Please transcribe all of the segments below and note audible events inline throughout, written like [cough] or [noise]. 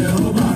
Jehovah.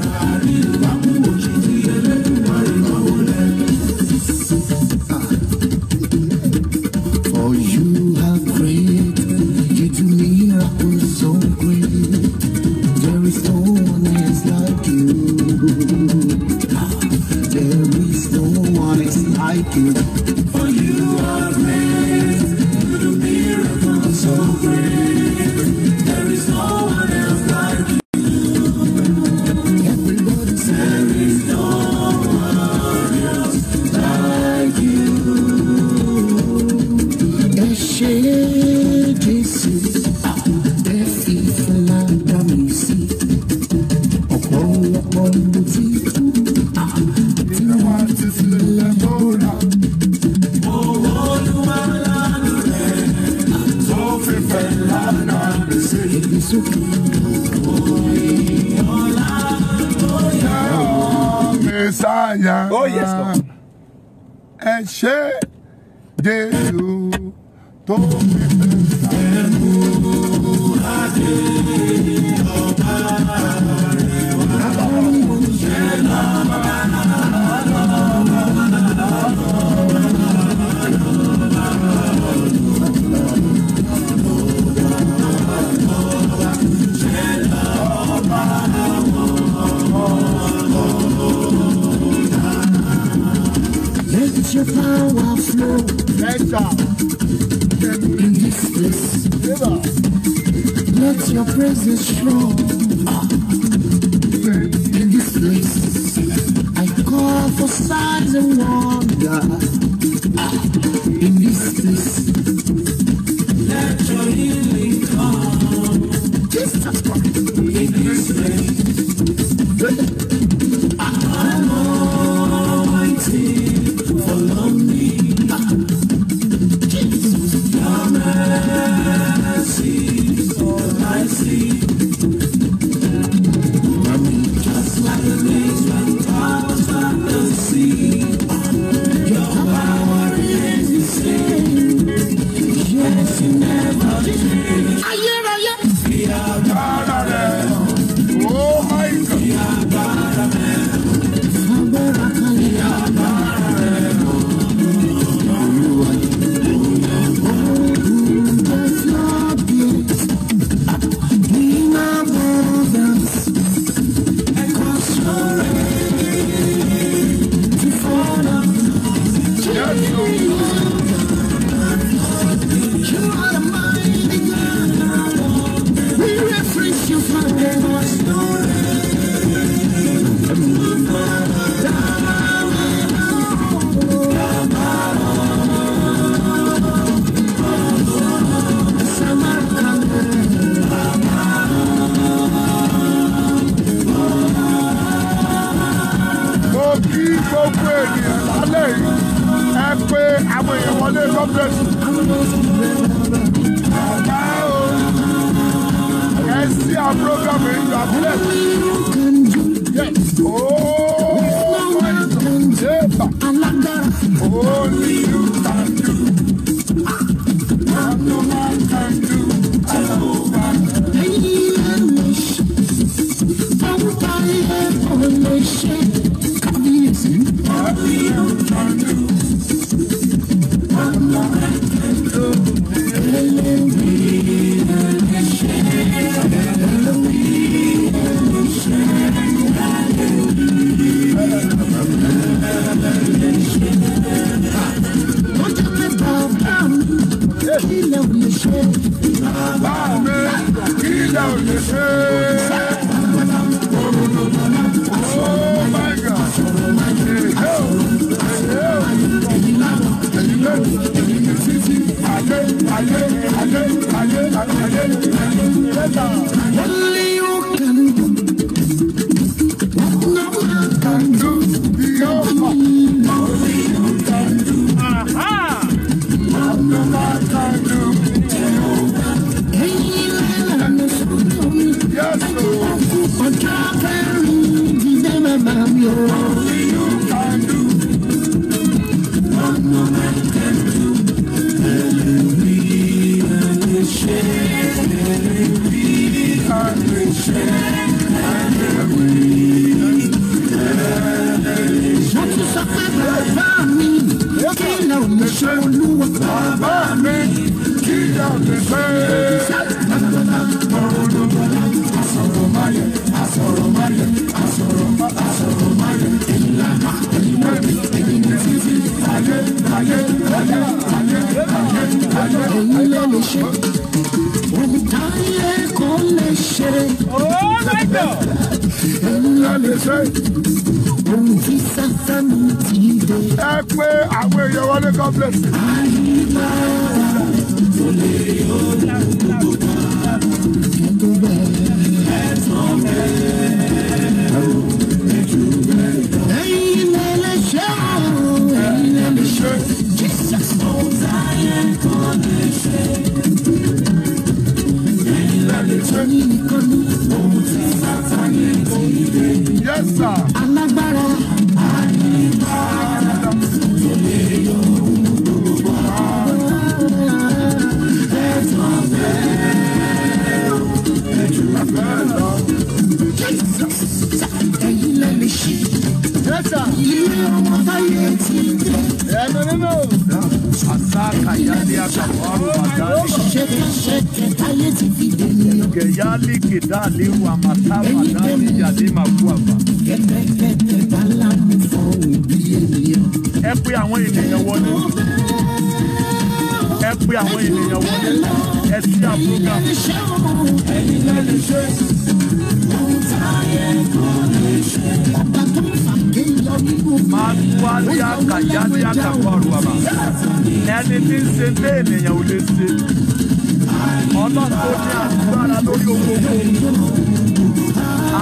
lórí ogogo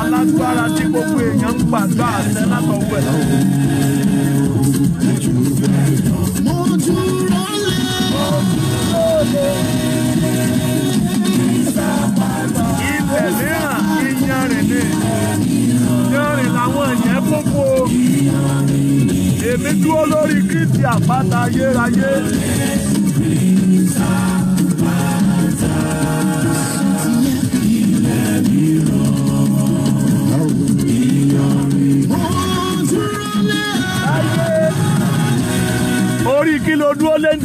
alágbára tí gbogbo èèyàn ń gbàgbà àṣẹ látọwọ́ ẹ̀. mo dúró lé mo dúró lé ilẹ̀ mìíràn iyanrìn ni iyanrìn làwọn yẹn gbogbo èmi dúró lórí Kristi àpáta ayérayé. kí ló dúró lé ń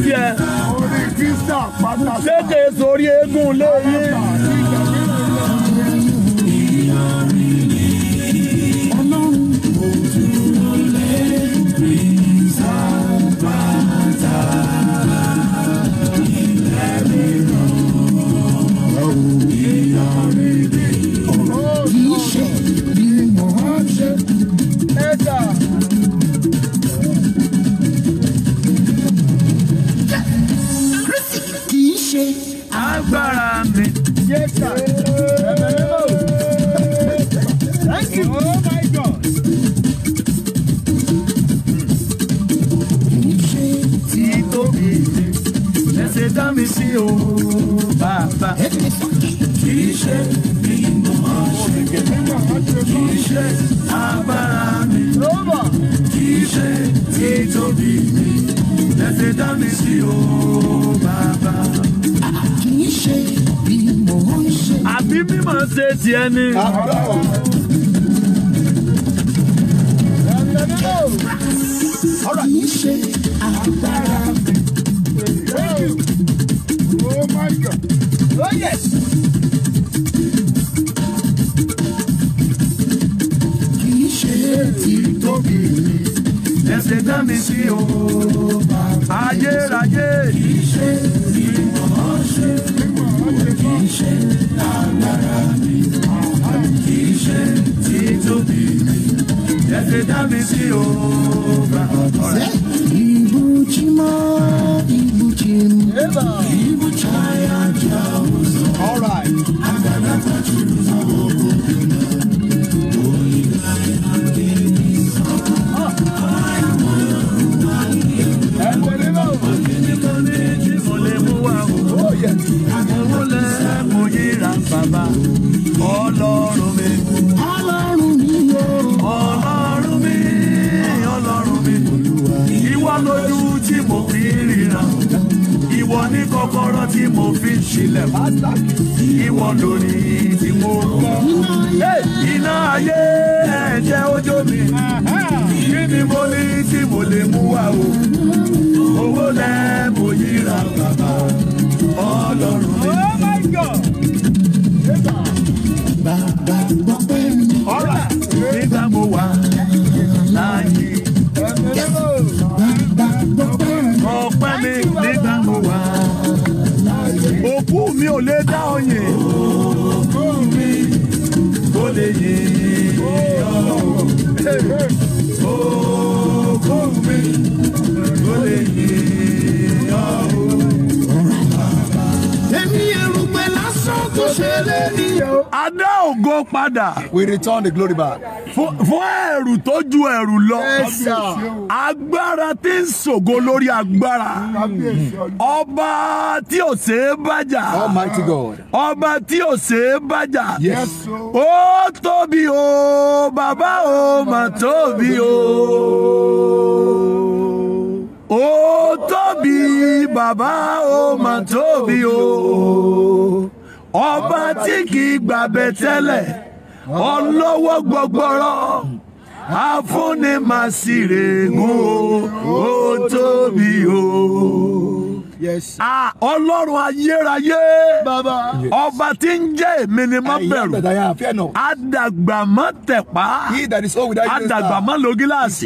ṣé kèé sórí eégún lé bàbá. kì í ṣe bí mo máa ṣe kì í ṣe agbára mi kì í ṣe títóbi mi lẹ́sẹ̀ dá mi sí o bàbá. kì í ṣe bí mo ṣe. àbí mímọ̀ ṣe tiẹ̀ ni. All right. Kì í ṣe agbára ṣe tán mi All right. bàbá ọlọ́run mi. ọlọ́run mi yóò. ọlọ́run mi ọlọ́run mi. ìwọ lójú tí mo fi ríra ìwọ ní kọ́kọ́rọ́ tí mo fi ń ṣílẹ̀ ìwọ lórí tí mo kọ́ iná ayé ẹ̀jẹ̀ ojú mi kí ni mo ní tí mo lè mú wá o owó lẹ́ mo yíra bàbá ọlọ́run mi. Oh mi ò lè dá ọyìn. Ohùn mi kò lè yìn ọlọ́run. Ohùn mi kò lè yìn. ṣe lérí o. a dá ògo padà. we return the glory back. fún ẹ̀rù tó ju ẹ̀rù lọ. yes sir. agbára tí ń ṣògo lórí agbára. ọba tí ò ṣe é bàjà. almighty God. ọba tí ò ṣe é bàjà. yes. ó tóbi o bàbá o mà tóbi o ó tóbi bàbá ó mà tóbi o ọba tí kì í gbàbẹ̀ tẹ́lẹ̀ ọlọ́wọ́ gbọgbọ́rọ́ àfúnni màsíre ń o ó tóbi o yes. ah ọlọ́run ayérayé baba ọba tí ń jẹ́ èmi ni má bẹ̀rù adàgbà má tẹ̀pá adàgbà má lo gíláàsì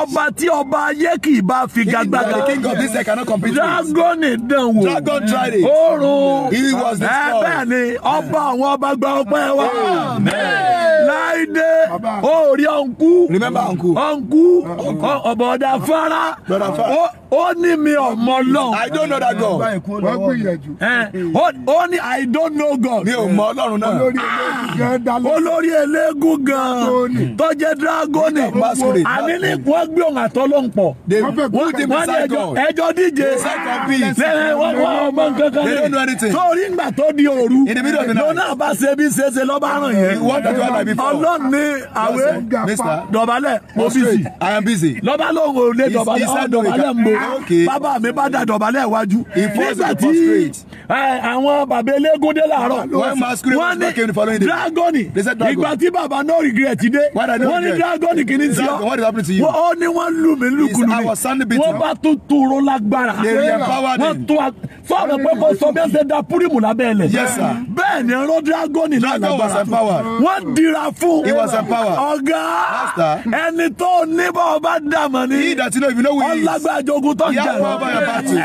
ọba tí ọba ayé kì í bá fi gagbága dragoni dán wò oorun ẹ bẹ́ẹ̀ ni ọba àwọn ọba gba ọpẹ́ wa. Amen. Amen láìdé orí ọ̀nkú ọ̀nkú ọ̀bọ̀dà fara ó ní mi ọ̀mọ lọ́n. I don't know that God. wọ́n gbìyànjú. ó ní I don't know God. mi ò mọ ọlọ́run náà. olórí eléégún gan-an tó jẹ́ dragoni àní ní wọ́n gbé òun àtọ́lọ́hún pọ̀. wọ́n ní ẹjọ́ díje lẹ́yìn wọ́n wọ́n ọmọ nǹkan kan lé. torí ìgbà tó di òru lọ́nà bá ṣe bí ṣe ṣe lọ́ba ràn yẹn ọlọ́run ní àwẹ̀ dọ̀bálẹ̀ mo busy. I am busy. dọ̀bálẹ̀ mo bàbá mi bá da dọ̀bálẹ̀ iwájú. nígbà tí àwọn bàbá eléégún dé làárọ̀ wọ́n ní dragoni ìgbà tí bàbá no regret dé wọ́n ní dragoni kì sí ọ́ ó ní wọ́n lù mí lùkùlù mi wọ́n bá tún tóró lágbára wọ́n tún sọ̀rọ̀ pé kò sọ bí ẹ ṣe da púrímù lábẹ́ ẹ̀ lẹ̀ bẹ́ẹ̀ ni ẹ̀rọ dragoni náà lágbára wọ́n dira powerful. He was empowered. Ọ̀gá. Master. Ẹni tó ní bá ọba dàmọ̀ ni. He that you know if you know who he is. Ọlágbá àjogún tó ń jà. He has power over your battle.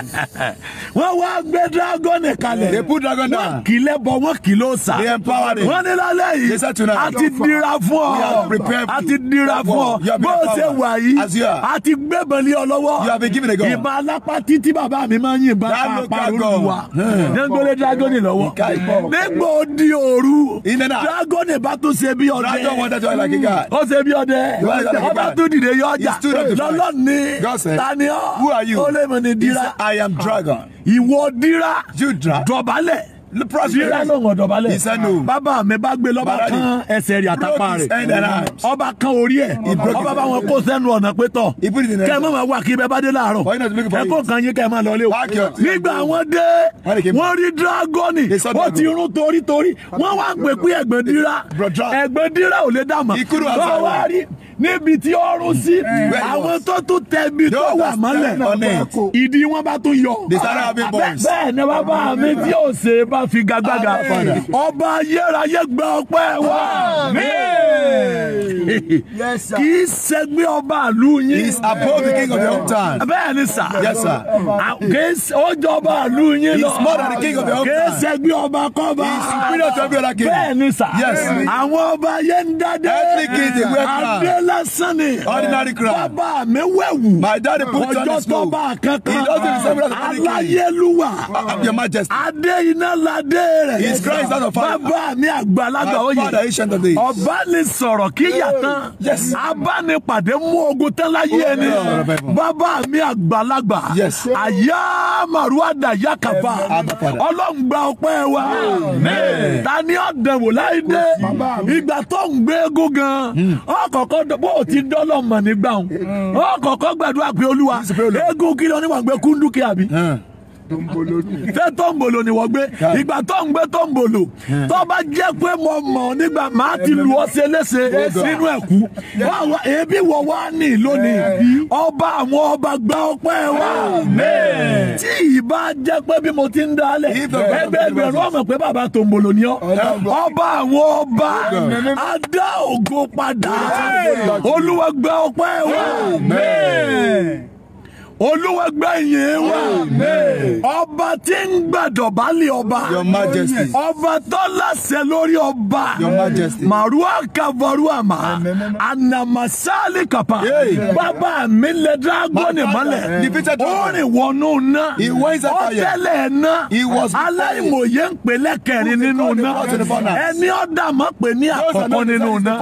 Wọ́n wá gbé dragon kalẹ̀. They put dragon down. Wọ́n kì í lẹ́bọ̀, wọ́n kì í ló sà. They empowered him. Wọ́n ní lálẹ́ yìí. They said tonight. A ti dira fún ọ. We have prepared you. A ti dira fún ọ. You have been empowered. Bó ṣe wà yìí. As you are. A ti gbébọn lé ọ lọ́wọ́. You have been given a gun. Ìbọn alápá títí bàbá mi máa ń yìnbọn pàápàá olúwa. Nyẹ́ngbélé dragon lọ́wọ́. Nígbà ó di òru. Dragon bá tó ṣe bí bí ọdẹ. Elijah wanted to like a guy. Ó ṣe bí ọdẹ. Ọba tún dìde yọ ọjà. Lọ́lọ́run ni. Tani ọ́. Who are you? Ó lè mọ̀ Dira. He said, I am dragon. Ah. Ìwọ Dira. You dragon. Dọ̀bálẹ̀ the president yíyá ló ń ọ̀dọ̀bálẹ̀ he said no bàbá mi bá gbé lọ́ba kan ẹsẹ̀ rẹ̀ àtàpá rẹ̀ ọba kan orí ẹ̀ ọba bá wọn kó sẹ́nu ọ̀nà pé tọ̀ kẹ́ ẹ má máa wà kí bẹ́ẹ̀ bá dé láàárọ̀ ẹ kan yín kẹ́ ẹ lọ lé o nígbà wọn dé wọ́n rí dragoni ó ti rún torí torí wọ́n wá pè pé ẹ̀gbẹ́dìrá ẹ̀gbẹ́dìrá ò lè dàmà lọ́wọ́ wá rí níbi tí ó rún sí eh, àwọn tó tún tẹbi tó wà mọ́lẹ̀ ìdí wọn bá tún yọ bẹ́ẹ̀ ni bàbá mi tí ò ṣe bá àfigagbága ọba ayérayé gba ọpẹ́ wa kì í ṣẹgbẹ́ ọba àlú yín. he is above the king of your hometown. bẹ́ẹ̀ ni sà. yes sir. ó jọ ọba àlú yín lọ. he is more than the king of your hometown. kì í ṣẹgbẹ́ ọba kọ́ba. he is superior to every other king. bẹ́ẹ̀ ni sà. yes. àwọn ọba ayé ń dádé. every king dey wear crown. adé ni. ordinary crown. bàbá mi wẹ̀wù. my daddy put on his cloth. ọjọ́ tó bá kankan. he doesn't resemble as a king. aláyélúwà. your majesty. adé iná la aládé rẹ̀. is Christ out of fire. bàbá mi àgbàlagbà oyè. ọba ni sọ̀rọ̀ kí yàtán. yes. abánipàdé mú ogun tán láyé oh, ẹni. bàbá mi àgbàlagbà. àyà màrúwàdà yà kàfà. ọlọ́run ọpẹ́ wa. ta ni ọ̀ dẹ̀wò láì dé. ìgbà tó ń gbé egun gan. ọkọ̀ọ̀kọ̀ hmm. bó o ti dọ́lọ̀ mọ̀ nígbà wọn. ọkọ̀ọ̀kọ̀ hmm. gbàdúrà pé olúwa egun kí lọ níwọ̀n gbé kúndùkì àbí. Hmm tọ́ǹbolo nù. ṣé tọ́ǹbolo ni wọ́n gbé ìgbà tó ń gbé tọ́ǹbolo tó bá jẹ́ pé mo mọ̀ nígbà máa ti lù ọ́ sí elése nínú ẹ̀kú ebi wọ̀ wá ní lónìí ọba àwọn ọba gba ọpẹ́ wa tí ìbá jẹ́ pé bí mo ti ń dalẹ̀ ẹgbẹ́ ẹgbẹ̀rún ọmọ pé bàbá tọ́ǹbolo ni ọ́ ọba àwọn ọba adá ògo padà olúwa gba ọpẹ́ wa olúwa gbẹ̀yìn wa ọba tí ń gbàdọ̀bálẹ̀ ọba Your Majesty ọba tó láṣẹ lórí ọba Your Majesty màrúwà kàbọ̀rúàmà ànàmásálì kàpà bàbá mi lẹ dragoni mọ́lẹ̀ ó rìn wọnú ná ó tẹ́lẹ̀ ná aláìmọye ń pè lẹ́kẹ̀rin nínú ná ẹni ọ̀dà mọ̀ pé ní àkọ́kọ́ nínú ná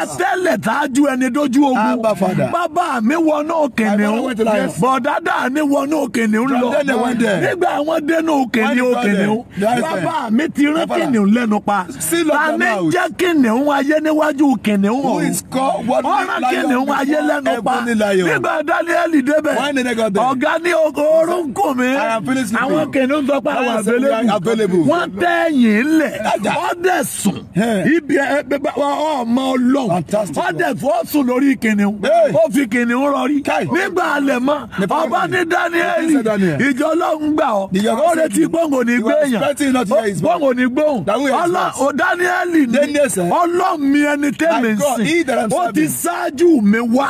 atẹ́lẹ̀ tájú ẹni dójú ogun bàbá mi wọnú kìnìún bọ̀dá dàní wọnú kìnìún lọ nígbà àwọn dénú kìnìún kìnìún bàbá mi ti rán kìnìún lẹ́nu pa tani jẹ́ kìnìún ayé níwájú kìnìún ọ̀hún ọ̀ràn kìnìún ayé lẹ́nu pa nígbà dáníẹ́lì débẹ̀ ọ̀gá ní orúnkún mi àwọn kìnìún sọ pé àwọn àbẹ̀lẹ̀bù wọ́n tẹ̀yìn lẹ̀ ọ̀dẹ̀ sùn ibi ọmọ ọlọ́run ọ̀dẹ̀ fọ́ sùn lórí kìnìún ó fi kìnìún rọrí nígbà alẹ́ mọ́ ọba ní Daniel ìjọ ọlọ́run gbà ọ́ ó lè ti gbóhùn ní gbẹ̀yàn gbóhùn ní gbóhùn ọlọ́run Daniel ní ọlọ́run mi ẹni tẹ́lẹ̀ sí ó ti ṣáájú mi wá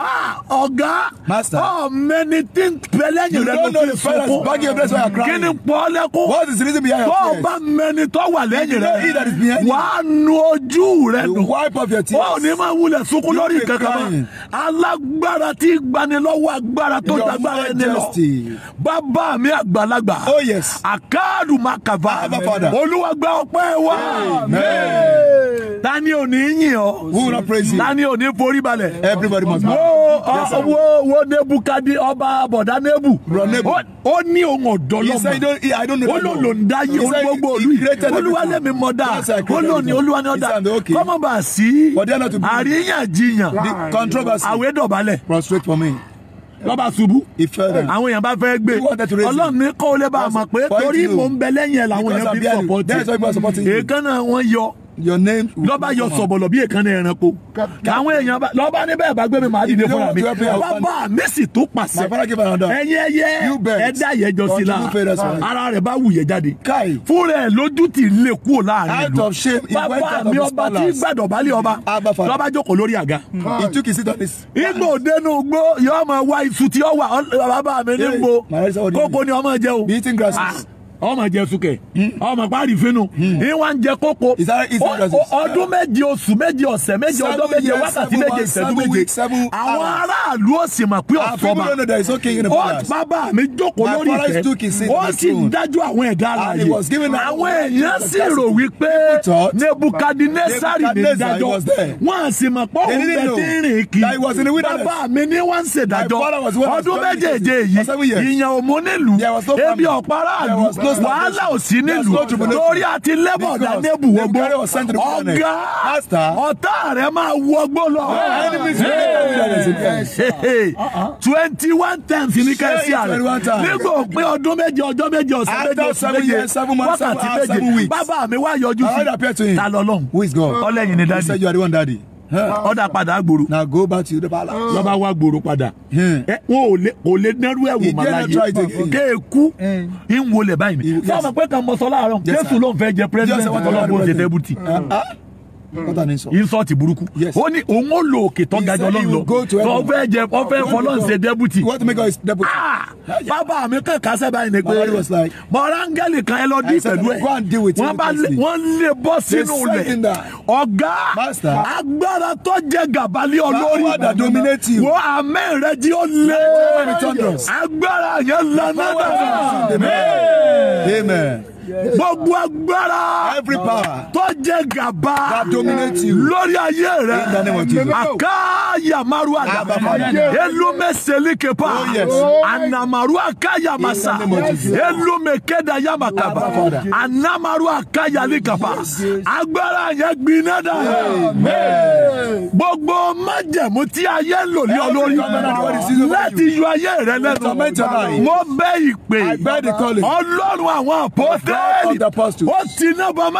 ah, ọ̀gá ọ̀mẹ́ni tí ń pẹlẹ́ yìí rẹ̀ ló ti sunkún kí ni pọ́ lẹ́kún tó o bá mẹ́ni tó wà lẹ́yìn rẹ̀ wàá nu ojú rẹ̀ nù ó ní máa wulẹ̀ sunkún lórí kankan alágbára tí gbanilọ́wọ́ ọwọ́ agbára tó lágbára ẹni lọ bàbá mi àgbàlagbà oh, àkáàdù máa kàfà wa tani ò yìn ọ́ tani ò forí balẹ̀ ah, wo wo nebukadi ọba bọ̀dá nebu ó ní ohun ọ̀dọ́ lọ́mọ ń dá yí olúgbogbo olú yìí olúwa lẹ́mi mọ̀ dá ó lò sí àríyànjiyàn àwẹ̀dọ̀balẹ̀ lọ́ba ṣubú àwọn èèyàn bá fẹ́ gbé ọlọ́run ní kọ́ ọ lé bá a mọ̀ pé torí mò ń bẹ lẹ́yìn ẹ̀ làwọn èèyàn fi sọ̀pọ̀ tì èékánná wọn yọ your name will lọ́ba yọ sọ̀bọ̀lọ̀ bí èkánná ẹranko káwọn èèyàn bá lọ́ba níbẹ̀ bá gbé mi màá dìde fúnra mi bàbá Messi tó pàṣẹ ẹyẹ ẹyẹ ẹdá yẹ jọ sí la ara rẹ bá wù yẹ jáde fúnra ẹ lójú ti lè kú láàrin ìlú bàbá mi ọba tí gbàdọ̀ balẹ̀ ọba lọ́ba jókòó lórí àga. igbó dénú gbó yọ ọmọ wa isu tí ọ wà bàbá mi ní gbó kókó ni ọmọ jẹ o ọmọ jẹ sukẹ ọmọ pari finu ìwọn hmm. jẹ koko ọdún méje oṣù méje ọ̀sẹ̀ méje ọjọ́ méje wákàtí méje ìṣẹ́jú méje àwọn ah. aráàlú ó sì mọ̀ pé ah, ọ̀sọ́ba ó bàbá mi jókòó lórí ìtẹ́ ó sì dájú àwọn ẹ̀dá àlàyé àwọn èèyàn sì rò wípé nebukadnesari ní ìdájọ́ wọ́n sì mọ̀ pé òun bẹ̀ tí rìn kí bàbá mi ní wọ́n ń ṣèdájọ́ ọdún méjèèjì yìí ìyàn òmùnílù ebi ọ̀pá aráàlú wàhálà ò sí nílùú lórí àti lẹ́bọ̀ dánébù wọgbó ọ̀gá ọ̀tá rẹ̀ máa wọgbó lọ. Uh-uh. twenty one times ní kẹ́sì àrẹ nígbà òpin ọdún méje ọjọ́ méje ọ̀sẹ̀ méje ọ̀sẹ̀ méje wákàtí uh, méje bàbá mi wá yọjú sí ta lọ́lọ́hún ọlẹ́yin ni dáàdi. ọ̀dà padà gbòòrò. na go back to Yoruba land. lọ́ba wá gbòòrò padà. Hmm. wọn ò lè dẹ́rú ẹ̀ wò màlá yìí kéèkú ń wọlé báyìí. sọ́wọ́n pẹ́ kàn mọ́ sọ láàárọ̀ Jésù ló ń fẹ́ jẹ tẹ́bùtì. Hmm. insult burúkú ó ní òun ó lo òkè tó gajọ ọlọ́run lọ tó fẹ́ jẹ ó fẹ́ fọlọ́run ṣe deputy ah! bàbá mi kàn kásẹ̀ báyìí ni pé mọ̀rángẹ́lì kan ẹ lọ dín pẹ̀lú ẹ̀ wọ́n lè bọ́ sínú rẹ̀ ọ̀gá agbára tó jẹ gàbálí olórí wo amẹ́ rẹ jí ó lé agbára yẹn lọ náà. Amen. Amen gbogbo agbára tó jẹ gàba lórí ayé rẹ akayamaru ada elume selikepa anamaru akayamasa elume keda yamakaba anamaru akayalikapa agbára yẹn gbiná dà gbogbo májẹ̀mú tí ayé lò ní olórí láti yọ ayé rẹ lẹ́nu mo bẹ ìpè Ọlọ́run àwọn àpótẹ. God of the apostles. Amen.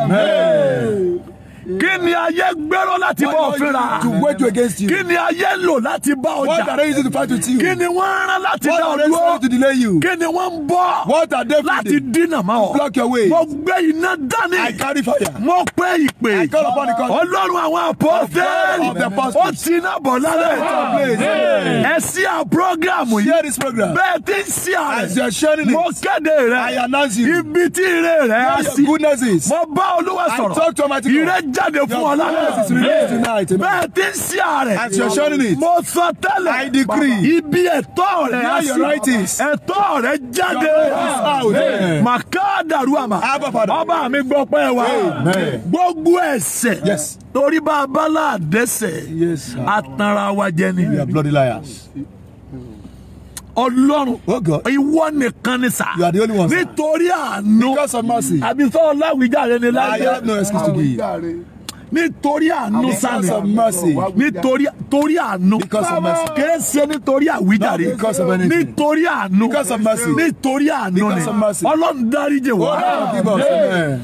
Amen. kí ni ayé gbèrò láti bá ọ fínra kí ni ayé lò láti bá ọ jà kí ni wọ́n rán láti dá ọ kí ni wọ́n ń bọ́ láti dínà má ọ mo gbé iná dání mo pé ìpè ọlọ́run àwọn àpọ́sẹ́lì ó ti iná bọ̀ lálẹ́ ẹ sí à prógrámù yìí bẹ́ẹ̀ tí ń sí àrẹ mo kéde rẹ ibi tí ire rẹ á sí mo bá olúwa sọ̀rọ̀ ire jáde fún ọ lálẹ́ bẹ́ẹ̀ tí ń ṣe àrẹ̀ mo sọ tẹ́lẹ̀ ibi ẹ̀tọ́ rẹ̀ ẹ̀tọ́ rẹ̀ jáde màkàdàrú àmà ọba mi gbọ́ pẹ́ wa gbogbo ẹ̀ṣẹ̀ torí bá a bá láàdẹ́sẹ̀ àtàrà wa jẹ ni ọlọ́run oh ìwọ nìkan ni sà nítorí àánú àbí sọ ọláwìjà rẹ ni láyé nítorí àánú sani nítorí torí àánú kìí ṣe nítorí àwíjàre nítorí àánú nítorí àánú ni ọlọ́run dáríje wá. Oh,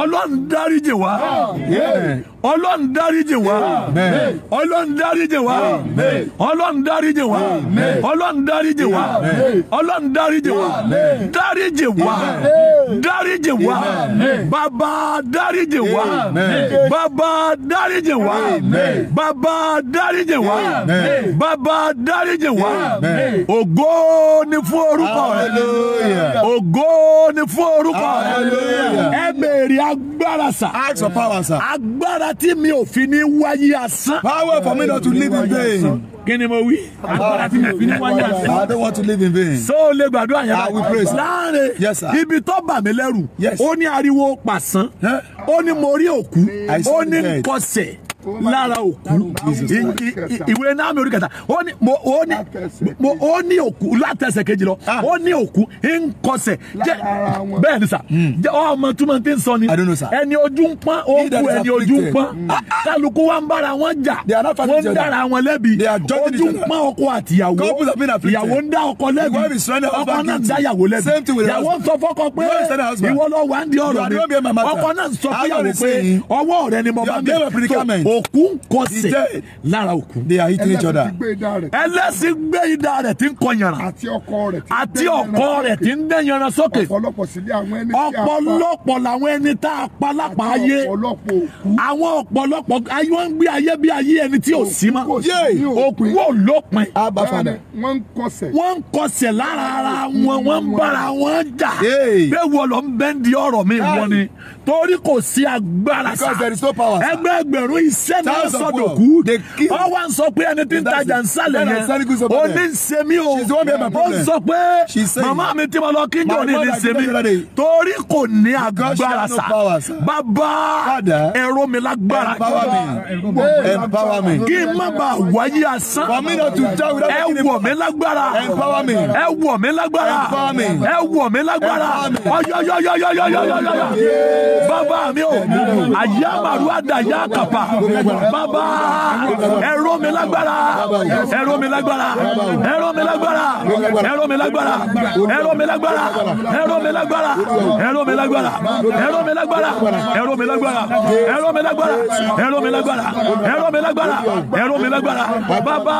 ọlọ́run dáríjì wá ọlọ́run dáríjì wá ọlọ́run dáríjì wá ọlọ́run dáríjì wá ọlọ́run dáríjì wá ọlọ́run dáríjì wá dáríjì wá dáríjì wá bàbá dáríjì wá bàbá dáríjì wá bàbá dáríjì wá bàbá dáríjì wá ògo ni fún orúkọ rẹ ògo ni fún orúkọ rẹ béèrè agbára sà. ask for power sà. agbára tí mi ò fi ní wáyé asán. power for me not to live in vain. kí ni mo wí. agbára tí mi fi ní wáyé asán. I don't want to live in vain. so o lè gbàdúrà yẹn. I will praise. láàrin yes sir. ibi tó bà mí lẹ́rù. yes. ó ní ariwo pàṣán. ó ní mo rí òkú. I see the dead. ó ní kọsẹ̀ lára òkú ìwé náàmì orí kẹta ó ní òkú látẹsẹ̀ kejì lọ ah. ó ní òkú ń kọsẹ̀ ni sà ọmọ hmm. túmọ̀ tí ń sọ ni ẹni ojú ń pọ́n òkú ẹni ojú ń pọ́n hmm. ah, kálukú wa ń bára wọn jà wọ́n ń dára wọn lẹ́bi ojú ń pọ́n ọkọ àtìyàwó ìyàwó ń dá ọkọ lẹ́bi ọkọ náà ń dá ìyàwó ìyàwó ń sọ fọ́kọ pé ìwọ lọ wà ń di ọ̀rọ̀ mi ọkọ náà ń sọ fún pé ọwọ́ rẹ ni mo bá mi òkú kọsẹ̀ lára òkú. they are eating each other. ẹlẹ́sìn gbé idà rẹ̀ tí ń kọ yàrá. àti ọkọ rẹ̀ tí ń dẹ́ yàrá sókè. ọ̀pọ̀lọpọ̀ làwọn ẹni tá a pa lápá ayé. àwọn ọ̀pọ̀lọpọ̀ ayé wọn ń gbé ayé bí ayé ẹni tí ò sí mọ́. òkú ò lópin. Ah, wọ́n ń kọsẹ̀ lára ara wọn wọ́n ń bára wọn jà. bẹ́ẹ̀ wọ́n lọ ń bẹ́ẹ̀ di ọ̀rọ̀ mi wọ́n ni torí kò sí agbára sa ẹgbẹ́ ẹgbẹ̀rún iṣẹ́ náà sọ̀dọ̀ kú ọ wá ń sọ pé ẹni tí ń tajà ń sálẹ̀ yẹn ó ní sẹ́mi o ó ń sọ pé màmá mi tí mo lọ kí jọ ní ní sẹ́mi torí kò ní agbára sa bàbá ẹ̀rọ mi lágbára kí n má bàa wáyé asán ẹ wọ̀ mí lágbára ẹ wọ̀ mí lágbára ẹ wọ̀ mí lágbára ọyọyọyọyọyọyọyọ bàbá mi o àyà màrú àdàyà kàpà bàbá ẹ̀rọ mi lágbára ẹ̀rọ mi lágbára ẹ̀rọ mi lágbára ẹ̀rọ mi lágbára ẹ̀rọ mi lágbára ẹ̀rọ mi lágbára ẹ̀rọ mi lágbára ẹ̀rọ mi lágbára ẹ̀rọ mi lágbára ẹ̀rọ mi lágbára ẹ̀rọ mi lágbára ẹ̀rọ mi lágbára ẹ̀rọ mi lágbára bàbá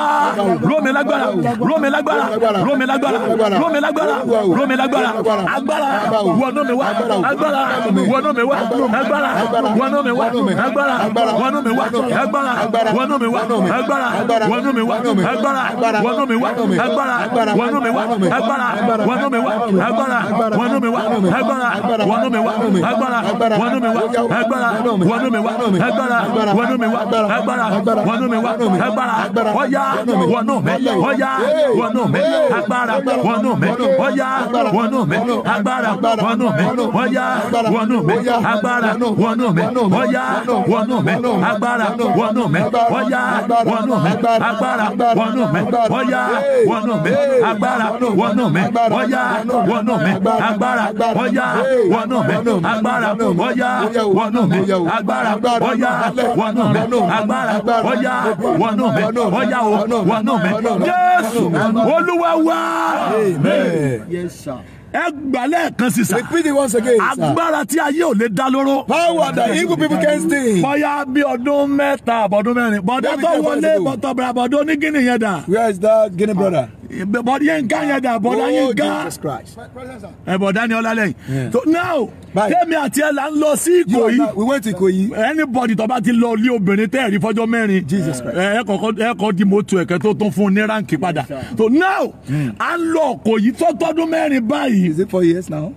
ró mi lágbára ró mi lágbára ró mi lágbára ró mi lágbára ró mi lágbára agbára wọnú mi wá agbára wọnú mi mi wá agbára wọnú mi wá agbára wọnú mi wá agbára wọnú mi wá agbára wọnú mi wá agbára wọnú mi wá agbára wọnú mi wá agbára wọnú mi wá agbára wọnú mi wá agbára wọnú mi wá agbára wọnú mi wá agbára wọnú mi wá agbára wọnú mi wá agbára wọnú mi wá agbára ọ̀yá wọnú mi ọ̀yá wọnú mi agbára wọnú mi ọ̀yá wọnú mi agbára wọnú mi ọ̀yá wọnú mi agbára wọnú mi ọ̀yá wọnú mi agbára wọnú mi ọ̀yá wọnú mi agbára wọnú mi ọ̀yá wọnú mi agbára wọnú mi ọ̀yá wọnú mi agbára ọ̀yá wọnú mi agbára ọ̀yá wọnú mi agbára ọ̀yá wọnú mi agbára ọ̀yá wọnú mi ọ̀yá wọnú mi Jésù Olúwa wá. Amen. Yes, sir ẹ gbà lẹ́ẹ̀kan sí sà. repeat it once again sà. agbára tí ayé ò lè dá lóró. power that evil people can stay. bóyá bí ọdún mẹ́ta àbọ̀dún mẹ́rin bọ̀dá tó wọlé bọ̀tọ̀ bọ̀dá onígínì yẹn dà. where is that guinea brother. But yẹn gan yẹn dà bọ́dá yẹn gan ẹ bọ́dá ni ọlálẹ́yìn so now tẹ́mi àti ẹ̀ là ń lọ sí Ìkòyí we went to Ìkòyí anybody tó bá ti lọ ilé obìnrin tẹ́ ẹ̀ rí fọ́jọ́ mẹ́rin ẹ kọ́kọ́ so now à hmm. ń lọ Ìkòyí tó tọ́dún mẹ́rin báyìí. is it four years now?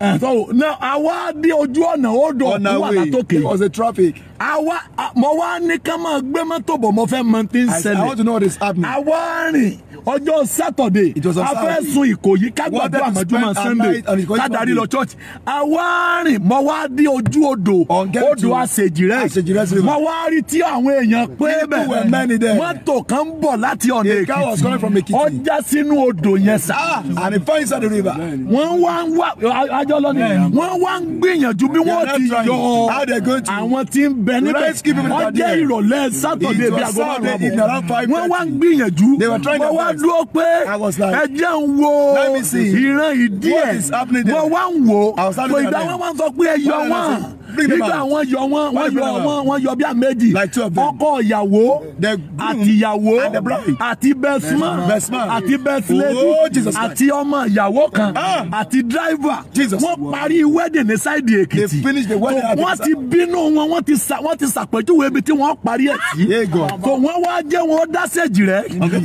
Eh, so now àwa dé ojú ọ̀nà odò òkú wà látòkè. was the traffic. àwa mo wá ní ma máa gbé mọ́tò bọ̀ mo fẹ́ mọ tí ń ṣẹlẹ̀. I want to know what is happening. àwa rìn ọjọ́ Saturday a fẹ́ sun Ìkòyí kágbàdo àmọ́júmọ́ Sunday kádàrí lọ church àwa rìn mo wá dé ojú odò odò àṣejìrẹ́ mo wá rí tí àwọn èèyàn pé bẹ́ẹ̀ mọ́tò kan ń bọ̀ láti ọ̀nà Èkìtì ọjà sínú odò yẹn sá. Ah, and he fell inside the river. wọ́n wá ń wá ìdájọ́ lọ ni wọ́n wá ń gbìyànjú bí wọ́n ti yọ àwọn tí ń bẹ níbẹ̀ wọ́n jẹ́ ìrọ̀lẹ́ sátọ̀dé bí aago márùn-ún àbọ̀ wọ́n wá ń gbìyànjú wọ́n wá dúró pé ẹ jẹ́ ń wo ìran ìdí ẹ̀ wọ́n wá ń wò tó ìdáwọ́ wọn sọ pé ẹ yọ wọn nígbà wọn yọ wọn wọn yọ wọn wọn yọ bí a méjì ọkọ ìyàwó àtìyàwó àti bẹsùmá àti bẹsùlẹdì oh, àti ọmọ ìyàwó kan ah. àti dráìvà just wọ́n parí wedding ní sáìdì èkìtì. they finished the wedding at the side. wọ́n ti bínú wọn wọ́n ti sa wọ́n ti sàpèjúwe ibi tí wọ́n parí ẹ̀ sí. tó wọ́n wá jẹ́ wọn dásẹ̀jì rẹ̀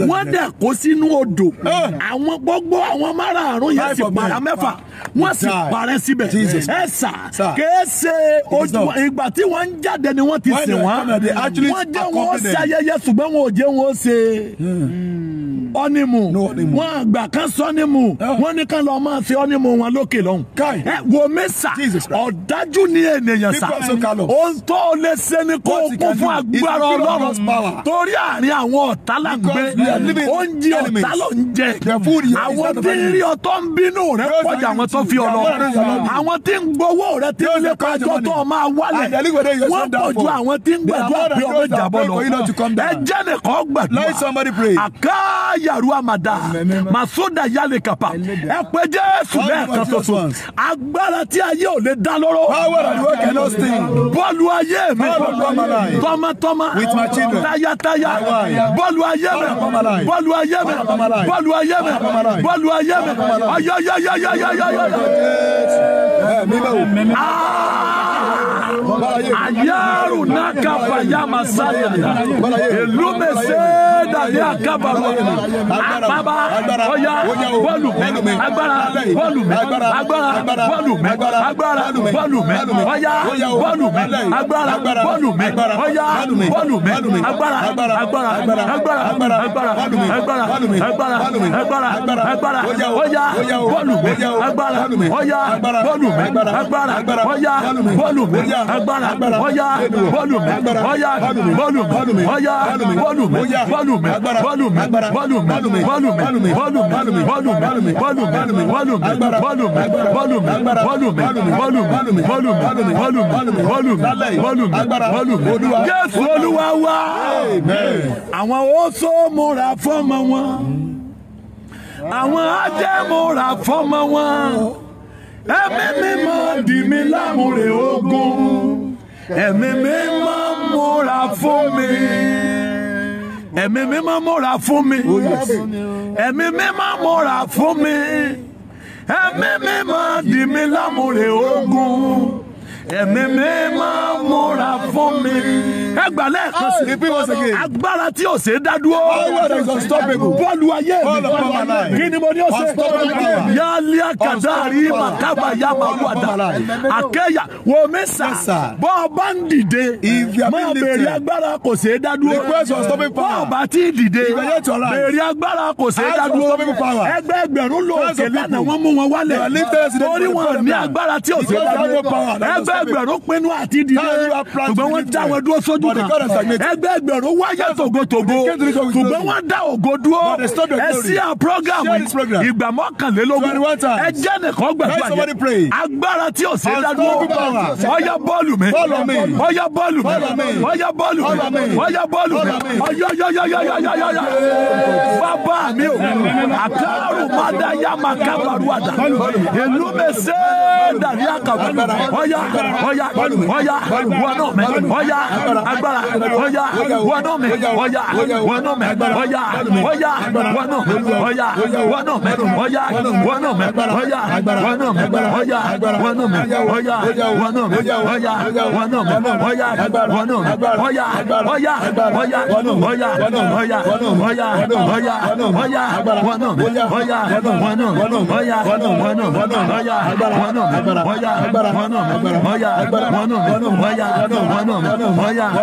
wọ́n dẹ̀ kó sínú odò. Ah. àwọn gbogbo àwọn márààrún yẹn sì para mẹ́fà ah. wọ́n sì parẹ́ síbẹ̀. ẹ sà kéésè ojú ìgbà tí wọ́n ń jáde ni wọ́n ti sìn wọ́n. wọ́n jẹ́ wọn ṣe ayẹyẹ ṣùgbọ́n wọn ò jẹ́ wọn ṣe ọ́nímù. Hmm. wọ́n àgbà kan sọ́nímù ah. wọ́n ní kan lọ́ọ́ máa ṣe ọ́nímù wọn lókè lọ́hùn wò mí sà ọ̀dájú ni ènìyàn sà ohun tó lè ṣe ni kó o kún fún agbára ọlọ́run torí àárín àwọn ọ̀tá là ń gbé oúnjẹ ọ̀tá ló ń jẹ àwọn tí ń rí ọtọ́ ń bínú rẹ pọ̀jà àwọn tó fi ọ̀rọ̀ àwọn tí ń gbowó rẹ tí ń lépa ẹjọ́ tó máa wálẹ̀ wọ́n pọ̀ ju àwọn tí ń gbàdúrà pé ọmọ ìjàbọ̀ lọ ẹjẹ́ nìkan gbàdúrà àkáyàrú àmàdà màsódà yálẹ̀ kàpà ẹ pé jésù lẹ́ẹ̀kan ṣoṣo agbára tí ayé ò lè dá lóró. power and work cannot stay. bọ́ọ̀lù ayé mi. tọmọtọmọ. with my children. tayataya. bọ́ọ̀lù ayé mi. bọ́ọ̀lù ayé mi. bọ́ọ̀lù ayé mi. bọ́ọ̀lù ayé mi. ayọyọyọyọyọyọyọ. ayaru naka fayama saya. elume seda ni akaba wọlé. baba oya bọ́ọ̀lù agbára bọ́ọ̀lù agbára bọ́ọ̀lù mẹ́ agbára bọ́ọ̀lù mẹ́ ọ̀yá bọ́ọ̀lù mẹ́ agbára bọ́ọ̀lù mẹ́ ọ̀yá bọ́ọ̀lù mẹ́ agbára agbára agbára agbára agbára agbára agbára agbára agbára ọ̀yá bọ́ọ̀lù mẹ́ agbára ọ̀yá bọ́ọ̀lù mẹ́ agbára ọ̀yá bọ́ọ̀lù mẹ́ agbára ọ̀yá bọ́ọ̀lù mẹ́ ọ̀yá bọ́ọ̀lù mẹ́ ọ̀yá bọ́ọ̀lù mẹ́ bọ́ọ̀lù mẹ́ bọ́ọ̀lù mẹ́ bọ́ọ̀lù mẹ́ bọ́ọ̀lù mẹ́ bọ́ọ̀lù mẹ́ bọ́ọ̀lù mẹ́ bọ́ọ̀lù mẹ́ bọ́ọ̀lù mẹ́ bọ́ọ̀lù mẹ́ bọ́ọ̀lù mẹ́ bọ́ọ̀lù mẹ́ volume volume volume volume volume volume volume volume jésù olúwa wá àwọn ó sọ múra fọmọ wọn àwọn á jẹ́ múra fọmọ wọn ẹ̀mí mímọ́ dì mí lámùrè ogun ẹ̀mí mímọ́ múra fún mi ẹ̀mí mímọ́ múra fún mi ẹ̀mí mímọ́ múra fún mi ẹ̀mí mímọ́ dì mí lámùrè ogun ẹ̀mí mímọ́ múra fún mi ẹ gbà lẹ́ẹ̀kan sí i agbára tí o ṣe dá dúró bọ́ọ̀lù ayé mi kí ni mo ní o ṣe yálé àkàdáàrí màkàbà yá máa wà dá àkẹ́yà wò mí sà bọ́ ọ bá ń dìde máa bèrè agbára kò ṣe dá dúró bọ́ ọ bá ti dìde bèrè agbára kò ṣe dá dúró ẹgbẹ́ ẹgbẹ̀rún ló òkè lánàá wọ́n mú wọn wálẹ̀ torí wọn ní agbára tí o ṣe dá dúró ẹgbẹ́ ẹgbẹ̀rún pinnu àti dìde ṣùgbọ́n wọ́n dá wọn dúró sójú ẹgbẹ́ ẹgbẹ̀rún wáyé tògótògó ṣùgbọ́n wọ́n dá ògo dúró ẹsí à program ìgbà mọ́kànlélógún ẹjẹ́ nìkan gbàgbà yẹn agbára tí ò ṣe dá dúró ọyá bọ́ọ̀lù mi ọyá bọ́ọ̀lù mi ọyá bọ́ọ̀lù mi ọyá bọ́ọ̀lù mi ọyọ́yọ́yọ́yọ́yọ́yọ́ bàbá mi ò àkàrò má dá yá má kábàrúwàdà ìlú mi ṣe é dàrí àkàbà ọyá ọyá ọyá wọnú mi ọyá agbára ọ̀yá wọnú mi ọ̀yá wọnú mi ọ̀yá ọ̀yá wọnú mi ọ̀yá wọnú mi ọ̀yá wọnú mi ọ̀yá wọnú mi ọ̀yá wọnú mi ọ̀yá wọnú mi ọ̀yá wọnú mi ọ̀yá wọnú mi ọ̀yá ọ̀yá ọ̀yá wọnú ọ̀yá ọ̀yá ọ̀yá ọ̀yá ọ̀yá wọnú mi ọ̀yá wọnú mi ọ̀yá wọnú mi ọ̀yá wọnú mi ọ̀yá wọnú mi ọ̀yá wọnú mi ọ̀yá.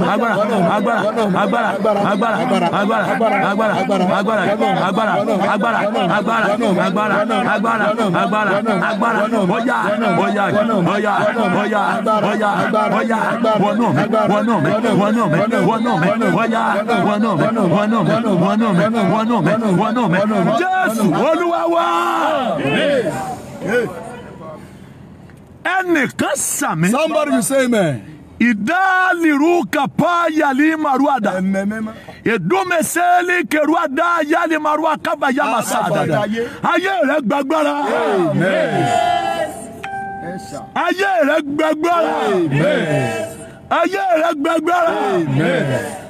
agbara, agbara, agbara, agbara, agbara, agbara, agbara, agbara, agbara, agbara, agbara, agbara, agbara, agbara, ọ̀yá ọ̀yá ọ̀yá ọ̀yá ọ̀yá ọ̀yá wọnú mi wọnú mi wọnú mi wọnú mi ọ̀yá wọnú mi wọnú mi wọnú mi wọnú mi wọnú mi Jésù Olúwa wá. Ẹnìkan sàmì. Somebody will say amen idaliru pa yali maruada edume seli keruada yali marua kaba yama Aye, ayé rẹ gbàgbára ayé rẹ gbàgbára ayé rẹ gbàgbára.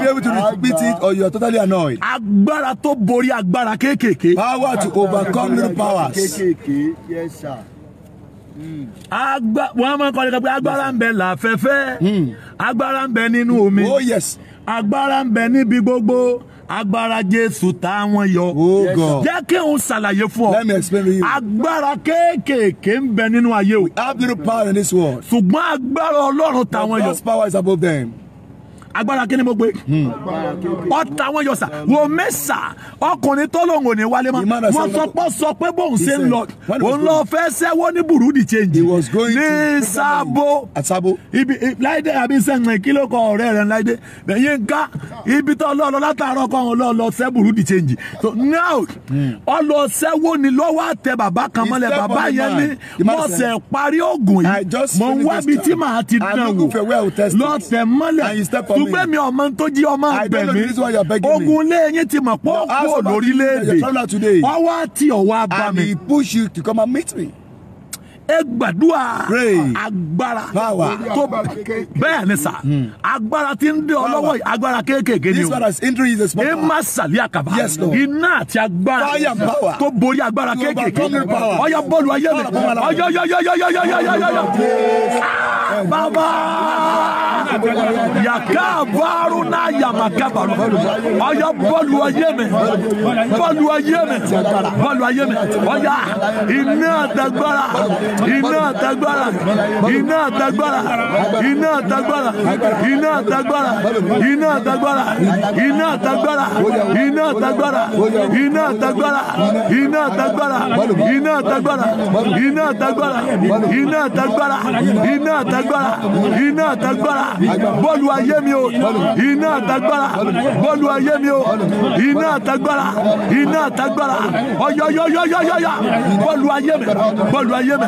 be able to repeat it or you are totally annoyed. Agbara tó borí agbara kéékèèké. power to overcome little powers. kéékèèké yes sir hmm. agba wọn máa ń kọ́ ni pé agbára ń bẹ láfẹ́fẹ́ hmm. agbára ń bẹ nínú omi oh yes agbára ń bẹ níbi gbogbo agbára jésù tá wọn yọ oh, jẹ́ kí n ṣàlàyé fún ọ agbára kéékèèké ń bẹ nínú ayé o we have little power in this world ṣùgbọ́n agbara ọlọ́run tá wọn yọ God's power is above them agbára kí ni mo gbé hmm. ọ̀tá wọn yọ sà wò mẹ́sà ọkùnrin tó lòun wálé ma wọ́n sọ pé sọ pé bóun ṣe ń lọ òun lọ fẹ́ sẹ́wọ́ ní burúdi change ní sábó ibi láìdé àbí sẹ́yìn kí ló ọ̀rẹ́ rẹ̀ láìdé bẹ̀yìn ká ibi tó lọ́ọ́ lọ látàárọ̀ kọ́ ọ̀hún lọ́ọ́ lọ sẹ́ burúdi change so now hmm. ọlọ sẹ́wọ́ ni lọ́wọ́ àtẹ bàbá kan mọ́lẹ̀ bàbá yẹn ní mọ̀ọ́sẹ̀ parí oògùn yìí mọ̀ wábi tí màá ti dán wò lọ́ọ̀tẹ̀ mọ́lẹ̀ ṣùgbọ́n mi ọmọ tó jí ọmọ bẹ̀mí ogun lẹ́yìn ti mọ̀ pọ̀ kó lórílẹ̀‐èdè ọwọ́ àti ọwọ́ abami. and he push you to come and meet me ẹ gbàdúrà agbára tó bẹ́ẹ̀ ni sà hmm. agbára tí ń dé ọ lọ́wọ́ yìí agbára kéékèèké ni o ẹ má sàlẹ̀ àkàbà iná àti agbára tó borí agbára kéékèèké ọyọ bọ́ọ̀lù ayé mi ọyọ yọ yọ yọ yọ yọ yọ yọ yọ bàbá yakabaru na yamakabaru ọyọ bọ́ọ̀lù ayé mi bọ́ọ̀lù ayé mi bọ́ọ̀lù ayé mi ọyọ iná àti agbára iná àtagbára iná àtagbára iná àtagbára iná àtagbára iná àtagbára iná àtagbára iná àtagbára iná àtagbára iná àtagbára iná àtagbára iná àtagbára iná àtagbára iná àtagbára iná àtagbára bọ́ọ̀lù ayé mi o iná àtagbára bọ́ọ̀lù ayé mi o iná àtagbára iná àtagbára ọ̀yọ̀yọ̀yọ̀yọ̀yọ̀ bọ́ọ̀lù ayé mi bọ́ọ̀lù ayé mi.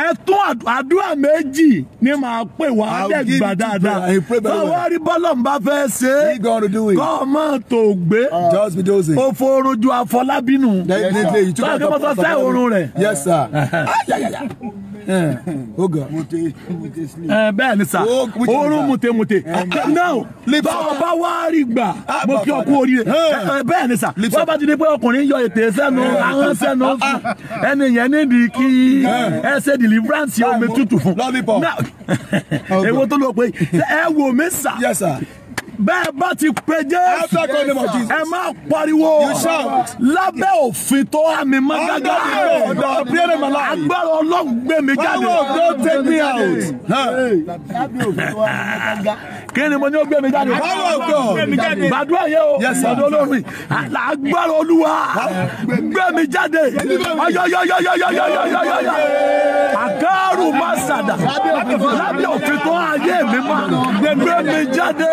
ẹ tún àdúrà méjì ní màá pè wá dẹ̀ dáadáa báwo rí bọ́lọ̀ ń bá fẹ́ ṣe é kọ́ ọmọ tó gbé òfò ah. àfọlábínú báyìí kí wọ́n sọ sẹ́ òórùn rẹ̀. Eh, eh, bẹ́ẹ̀ ni sà oh, oorun mute mute eh, um, now báwo bá wá rí gbà ah, mo kí ọkú oríire bẹ́ẹ̀ ni sà wọ́n bá ti di pé ọkùnrin yọ ètè sẹ́nu ahọ́n sẹ́nu [laughs] ah. ẹni yẹn nídìí kí ẹ ṣe deliverance omi tútù fún [laughs] [laughs] èwo tó lọ pé ẹ wò mí sà bẹ́ẹ̀ bá ti pe jésù ẹ máa pariwo lábẹ́ òfin tó há mi má gágá agbára ọlọ́run gbé mi jáde [laughs] kí ni mo ní ó gbé mi jáde gbàdúrà yẹ o gbàdúrà olórin agbára olúwa gbé mi jáde ọyọyọyọyọyọyọyọyọ má sàdà lábẹ́ òfin tó há ayé mi má gbé mi jáde.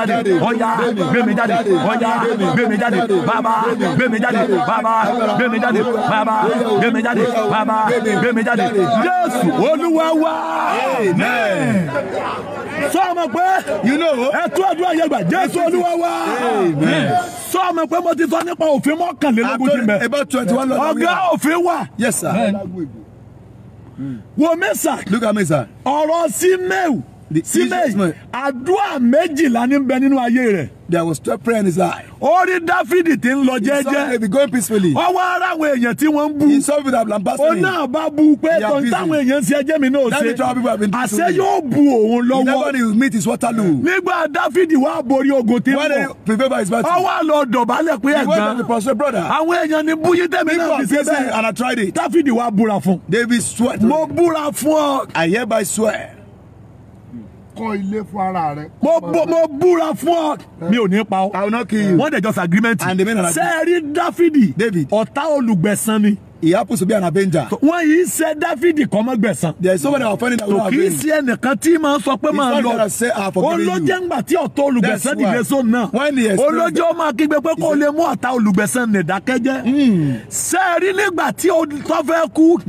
jáde ọ̀yá gbé mi jáde ọ̀yá gbé mi jáde bàbá gbé mi jáde bàbá gbé mi jáde bàbá gbé mi jáde bàbá gbé mi jáde Jésù Olúwa wa sọ́ọ̀mọ̀ pé ẹ̀tún àdúrà yẹn gbà Jésù Olúwa wa sọ́ọ̀mọ̀ pé mo ti sọ nípa òfin mọ́kànlélógún ti mẹ́ ọ̀gá òfin wà. Yes sir. Wo mẹ́sà. Look at mẹ́sà. Ọ̀rọ̀ sí mẹ́wù síbẹ̀ àdúrà méjìlá ní bẹ nínú ayé rẹ̀. there was twelve prayer in his life. ó rí dáfídì tí ń lọ jẹ́jẹ́. he saw baby going peacefully. ó wá ara àwọn èèyàn tí wọ́n ń bú. he saw people that been passing him. ó náà bá bu pé tó táwọn èèyàn ṣe ẹjẹ́ mi náà ṣe. that the why people have been doing. àṣẹ yóò bu òun lọ́wọ́. he never knew meet his waterloo. nígbà David wá borí ogun tí ń bọ̀. when he prevail by his battle. ó wá lọ dọ̀bálẹ̀ pé ẹ̀gbọ́n. he went to the pastor, brother. àwọn èèyàn ni búyí tẹ̀mí náà fi ṣe bẹ́ẹ̀. and I tried it. dáfídì wá búra fún. David swear. mo búra fún ọ. I hereby swear kọ́ ilé fún ara rẹ. mo mo búra fún ọ mi ò ní pa ọ. I will not kill you. wọ́n dẹ̀ jọ sàgírímẹ́ǹtì. and the men are like. sẹ́ẹ̀rí dáfídì. David ọ̀tá olùgbẹ̀san ni he happens to be an avenger. wọ́n yìí ṣe dáfídì kan mọ́ gbẹ̀san. there is somebody offending that will have been. kì í ṣe ẹnìkan tí máa sọ pé máa lọ olójẹ́ ńgbà tí ọ̀tọ̀ olùgbẹ̀san dìde sóun náà olójẹ́ ó máa kígbe pé kó lè mú ọ̀tá olùgbẹ̀san nìdákẹ́jẹ́. Hmm. ṣé ẹ rí nígbà tí o tọ́ fẹ́ kú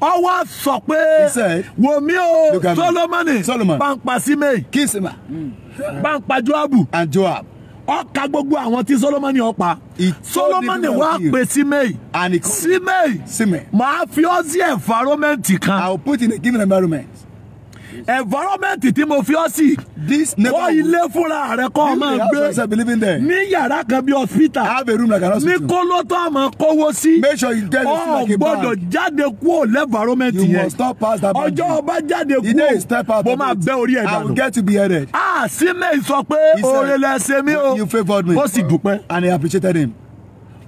ọwọ́ sọ pé wò mí o solomoni pàǹpà sí mi pàǹpà joabu. and joab ọkà gbogbo àwọn tí solomoni ọpa solomoni wá pè simei simei màá fi ọ sí environment kan. I will put in a given environment environment tí mo fi ọ́ sí wọ́n ilé fúnra rẹ̀ kọ́ ọ máa gbé ní yàrá kan bí hospital ní kóló tó a máa kówó sí ọ gbọ́dọ̀ jáde kúrò l'environment yẹn ọjọ́ ọba jáde kúrò bó máa bẹ́ orí ẹ̀ dànù. a sí mẹ́yì sọ pé oore lẹ ṣe mí o ó sì dúpẹ́. and he appreciated him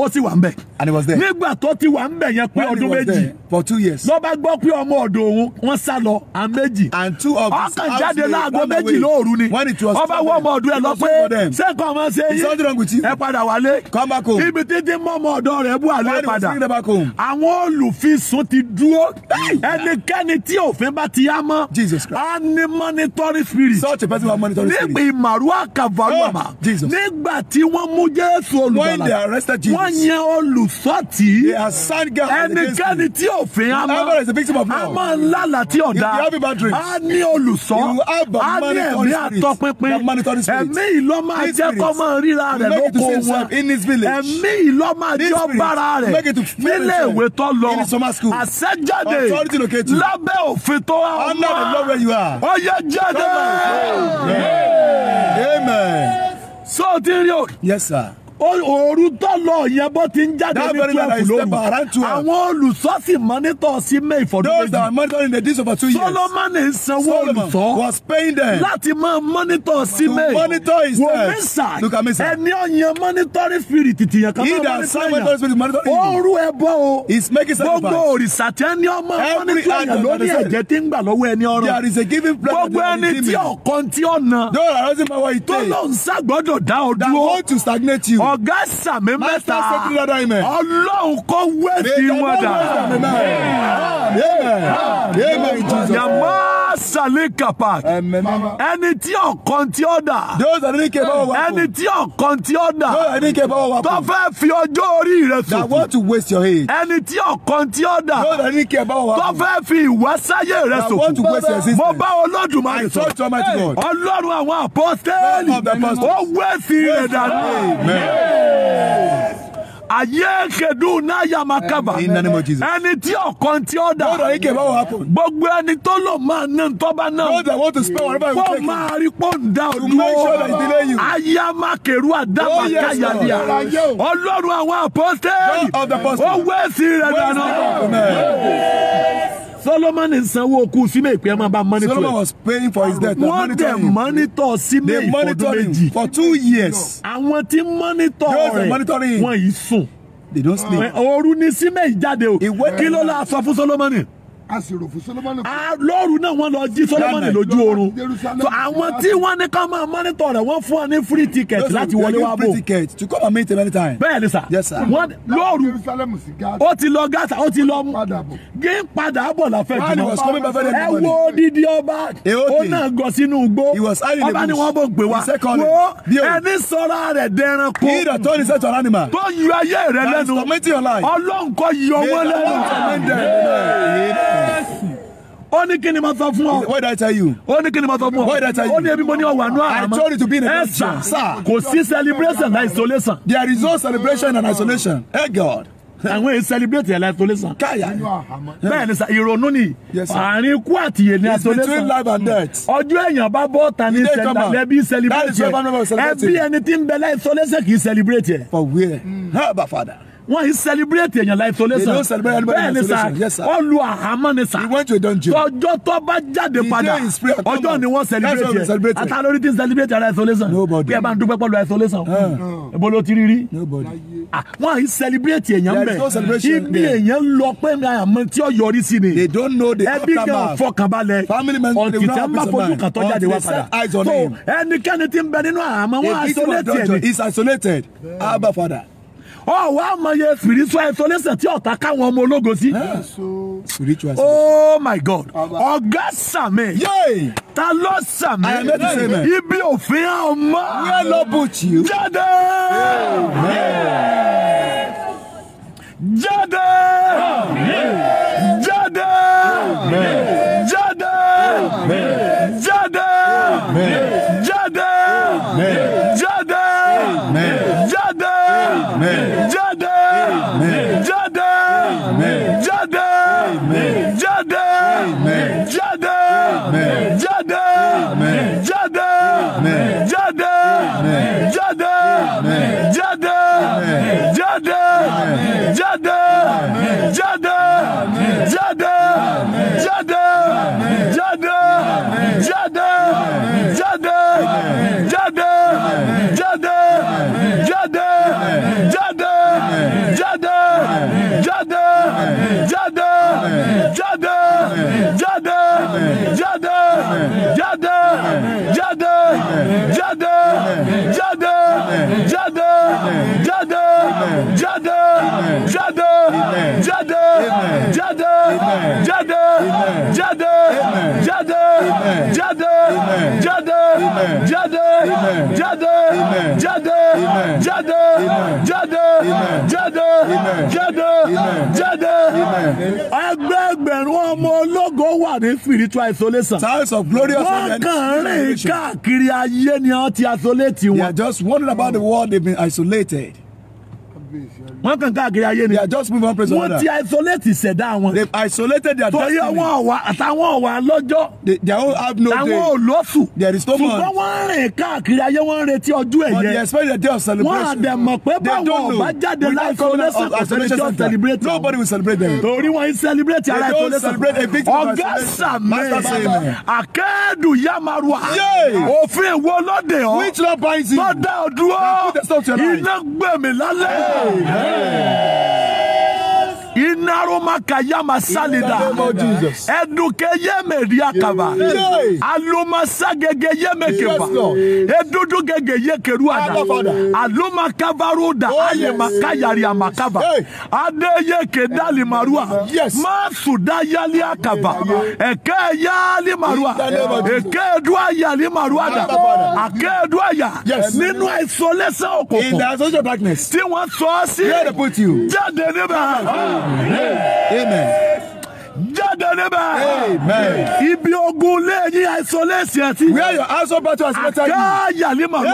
ó sì wà ń bẹ̀. and he was there. nígbà tó ti wà ń bẹ̀ yẹn pé ọdún méjì. for two years. ló bá gbọ́ pé ọmọ ọ̀dọ̀ òun wọ́n sá lọ à méjì. and two of his housemates ọkàn jáde láago méjì lóòru ni. when it was time ọba wọ ọmọ ọdún ẹ lọ pé ṣé nǹkan ọmọ ṣe yé. it's the wrong with you. ẹ padà wálé. come back home. ibi títí mọ́ ọmọ ọ̀dọ̀ rẹ̀ bú àlẹ́ padà. àwọn olùfisùn ti dúró. ẹnikẹ́ni tí òfin bá ti yá mọ́. Jesus Christ. a ní monitoring spirit. such a person who has monitoring spirit. nígbà ìmàrú àkàvàrú oh, Jesus. nígbà tí wọ́n mú Jésù when they arrested Jesus wọ́n yan olùsọ́tì. they assign God against me. ẹnikẹ́ni tí òfin a máa. Amara is a victim of law. a máa ń lálàá tí ọ̀dà. you have a bad dream. a ní olùsọ. you have a monitoring spirit. a ní ẹ̀mí àtọpinpin. that monitoring spirit. ẹ̀mí ìlọ máa jẹ́ kọ́ máa ríra rẹ̀ lóko wọn. in his village. ẹ̀mí ìlọ máa jọ bára rẹ̀. nílé ìwé tó lọ. in his summer school. àṣẹjáde. authority locate you. lábẹ́ òfin tó wà. under the law where you are. ó yẹ jáde. amen. so ti rí o. yes sir òru tó lọ yẹn bó ti ń jáde ní twelve lóru àwọn olùṣọ́ sì mọ́nítọ̀ sí may for two years. those that monitoring the days over two years. solomoni ń sanwó olùṣọ́ was paying them. láti máa mọ́nítọ̀ sí may. to monitor his Look at me sir. ẹni ọ̀yàn monitoring spirit tìyàn kan náà mọ́nítọ̀ yàn. ooru ẹ o. is making sacrifice. gbogbo òrìṣà tí ẹni ọmọ mọ́nítọ̀ yàn lórí ẹ̀jẹ̀ tí ń gbà lọ́wọ́ ẹni ọ̀rọ̀. there is a giving plan. gboggo ẹni tí ọ̀kan tí ọ̀nà. those that are raising power he takes. tó ló ń sàgbọ́dọ̀ dá ọ dúró. want to stagnate you ọ̀gá sàmì mẹ́ta ọlọ́run kó wẹ́ẹ̀sì wọn dà. yàmọ́ salekapa. ẹni tí ọ̀kan tí ó dà. ẹni tí ọ̀kan tí ó dà. tó fẹ́ fi ọjọ́ orí rẹ sòfò. ẹni tí ọ̀kan tí ó dà. tó fẹ́ fi ìwà sáyé rẹ sòfò. mo bá olódùmarè sọ. ọlọ́run àwọn àpọ́stẹ́ẹ̀lì ó wẹ́sì rẹ̀ dànù ayé kedu náà yà máa kábà ẹni tí ọ̀kan tí ó dà gbogbo ẹni tó lò máa ní ntọ́ba náà kó máa rí pọ́ǹda òdúró ayé máa kẹrù àdàbà oh, káyàlíà ọlọ́run àwọn àpọ́tẹ́ ó wẹ́sì rẹ̀ dáná. Solomon ìsanwó okú Simei pé ẹ máa bá money ẹ̀. Solomon was paying for his debt. wọ́n dẹ̀ monitor, Simei fọdún for two years. àwọn tí mọ́nítọ̀ rẹ̀ wọ́n yìí sùn. they don't sleep. òru ni Simei jáde o kí ló la sọ fún Solomon a sì rò fún náà wọ́n lọ jí Solomoni lójú oorun so àwọn tí wọ́n ní ká máa mọ́nítọ̀ rẹ̀ wọ́n fún ọ ní free ticket láti wọlé wá bò bẹ́ẹ̀ sà wọ́n ó ti lọ Gaza ó ti lọ gé padà bọ̀ láfẹ́ jùlọ ẹ wo odidi ọba ó náà gọ sínú igbó ọba ni wọ́n bò gbé wa wo ẹni sọra rẹ̀ dẹranko tó yọ ayé rẹ lẹ́nu ọlọ́nkọ yọ wọ́n lẹ́nu. Yes. ó ní kí ni mo sọ fún ọ. what did I tell you. ó ní kí ni mo sọ fún ọ. what did I tell you. ó ní ebi mo ní ọwọ́ àánú àmọ́. I told you to be in a Christian. ẹ sà kò sí celebration and isolation. there is no celebration and isolation. ẹ God. àwọn èyí celebrate ẹ̀la isolation. káyà bẹ́ẹ̀ ni sà ìrònú ni àárín ikú àti yè ní isolation. it's between life and death. ọjọ́ èèyàn bá bọ́ ta ní sẹ́ńdà lẹ́bí celebrate yẹ ẹbí ẹni tí ń bẹ láì isolation kì í celebrate yẹ. for where? Mm. how about father? wọ́n yìí celebrate èèyàn la isolation bẹ́ẹ̀ ni sa wọ́n lu àhámọ́ ni sa tọjọ́ tó bá jáde padà ọjọ́ ni wọ́n celebrate yẹ ata lórí ti celebrate ara isolation bí ẹ bá ń dúpẹ́ pẹ̀lú isolation ibo ló ti rí rí wọ́n yìí celebrate èèyàn bẹ́ẹ̀ ibi èèyàn lọ pé àmọ́ tí ó yọrí sí ni ẹbí kan fọkànbalẹ̀ ọ̀tìtẹ́ má fojú kan tó jáde wá padà tó ẹnikẹ́ni ti ń bẹ nínú àhámọ́ wọ́n isolate yẹ ni ọ̀wọ́ àmọye spiritual isolation tí ọ̀tá káwọn ọmọ ológo sí. oh, oh my god ọ̀gá sàmì ta ló sàmì ibi òfin ọmọ jáde jáde jáde jáde jáde jáde jáde. Amen. Jada. Amen. Jada. Amen. Jada. Amen. Jada. Amen. Jada. Amen. Jada. Amen. Jada. Amen. Jada. Amen. Jada. Amen. Jada. Amen. Jada. Amen. Jáde! Amen. Jáde! Amen. Jáde! Amen. Jáde! Amen. Jáde! Amen. Jáde! Amen. Jáde! jáde jáde jáde jáde jáde jáde jáde. jáde jáde jáde jáde jáde jáde jáde jáde jáde jáde jáde jáde jáde jáde jáde ẹgbẹẹgbẹ̀rún ọmọ ológo wà ní spiritual isolation. tiles of glorious women. wọ́n kàn rìn káàkiri ayé ni wọ́n ti isolate wọn. they are just wondering about the world they have been isolated wọ́n kàn káàkiri ayé ni. they are just moving on. place to another. wọ́n ti isolate ìṣẹ̀dá wọn. they have isolated their destiny. torí àwọn ọ̀wà àtàwọn ọ̀wà lọ́jọ́. they all have no day. àwọn olóṣù. there is no month. ṣùgbọ́n wọ́n rìn káàkiri ayé wọ́n retí ọjọ́ ẹ̀yẹ. but they expect the day of celebration. wọ́n àdẹ̀ mọ̀ pé báwọn ọba jáde láì isolation kò celebrate. nobody will celebrate them. torí wọ́n ń celebrate ara isolation. they don't celebrate a victim of isolation. ọ̀gá sàmì akẹ́dù yamaruwa. òfin wo lóde ọ. which law binds you. tọ́da ọdún ọ. iná gbẹ̀mí lálẹ́. hey. hey. Inaroma kayama salida. Eduke yeme riakaba. Aluma sagege yeme keba. Edudu gege yekeruada. Aluma kavaruda. Oh, Ayema makaya amakaba. Ade yeke dali marua. Masuda yali akaba. Eke yali marua. Eke edua yali maruada. Ake edua ya. Nínú àìsàn lẹ́sẹ̀ òkùnkùn. Tí wọ́n sọ ọ́ sí. Jáde níbẹ̀. Ah. Amen. Amen. jáde níbẹ̀. ibi ogun lẹ́yìn àìsàn lẹ́sìn ẹ̀sìn. where your household battle has later you. àkáyà ni màmá.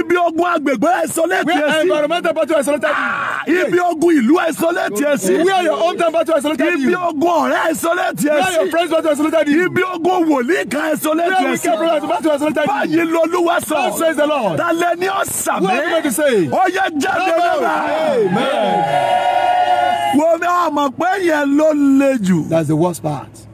ibi ogun agbègbè àìsàn lẹ́sìn ẹ̀sìn. where environmental battle has later you. Ah, ibi ogun ìlú àìsàn lẹ́sìn ẹ̀sìn. where your hometown battle has later you. ibi ogun ọ̀rẹ́ àìsàn lẹ́sìn ẹ̀sìn. where your friends battle has later you. ibi ogun wòlíì kan àìsàn lẹ́sìn ẹ̀sìn. where your we care battle has later you. báyìí lolúwa sọ. God says the Lord. talẹ̀ ni ọ̀sà mi. where you go to say. ó yẹ jáde níbẹ̀. wo mi àmọ̀ pé yẹn ló le jù. That's the worst part.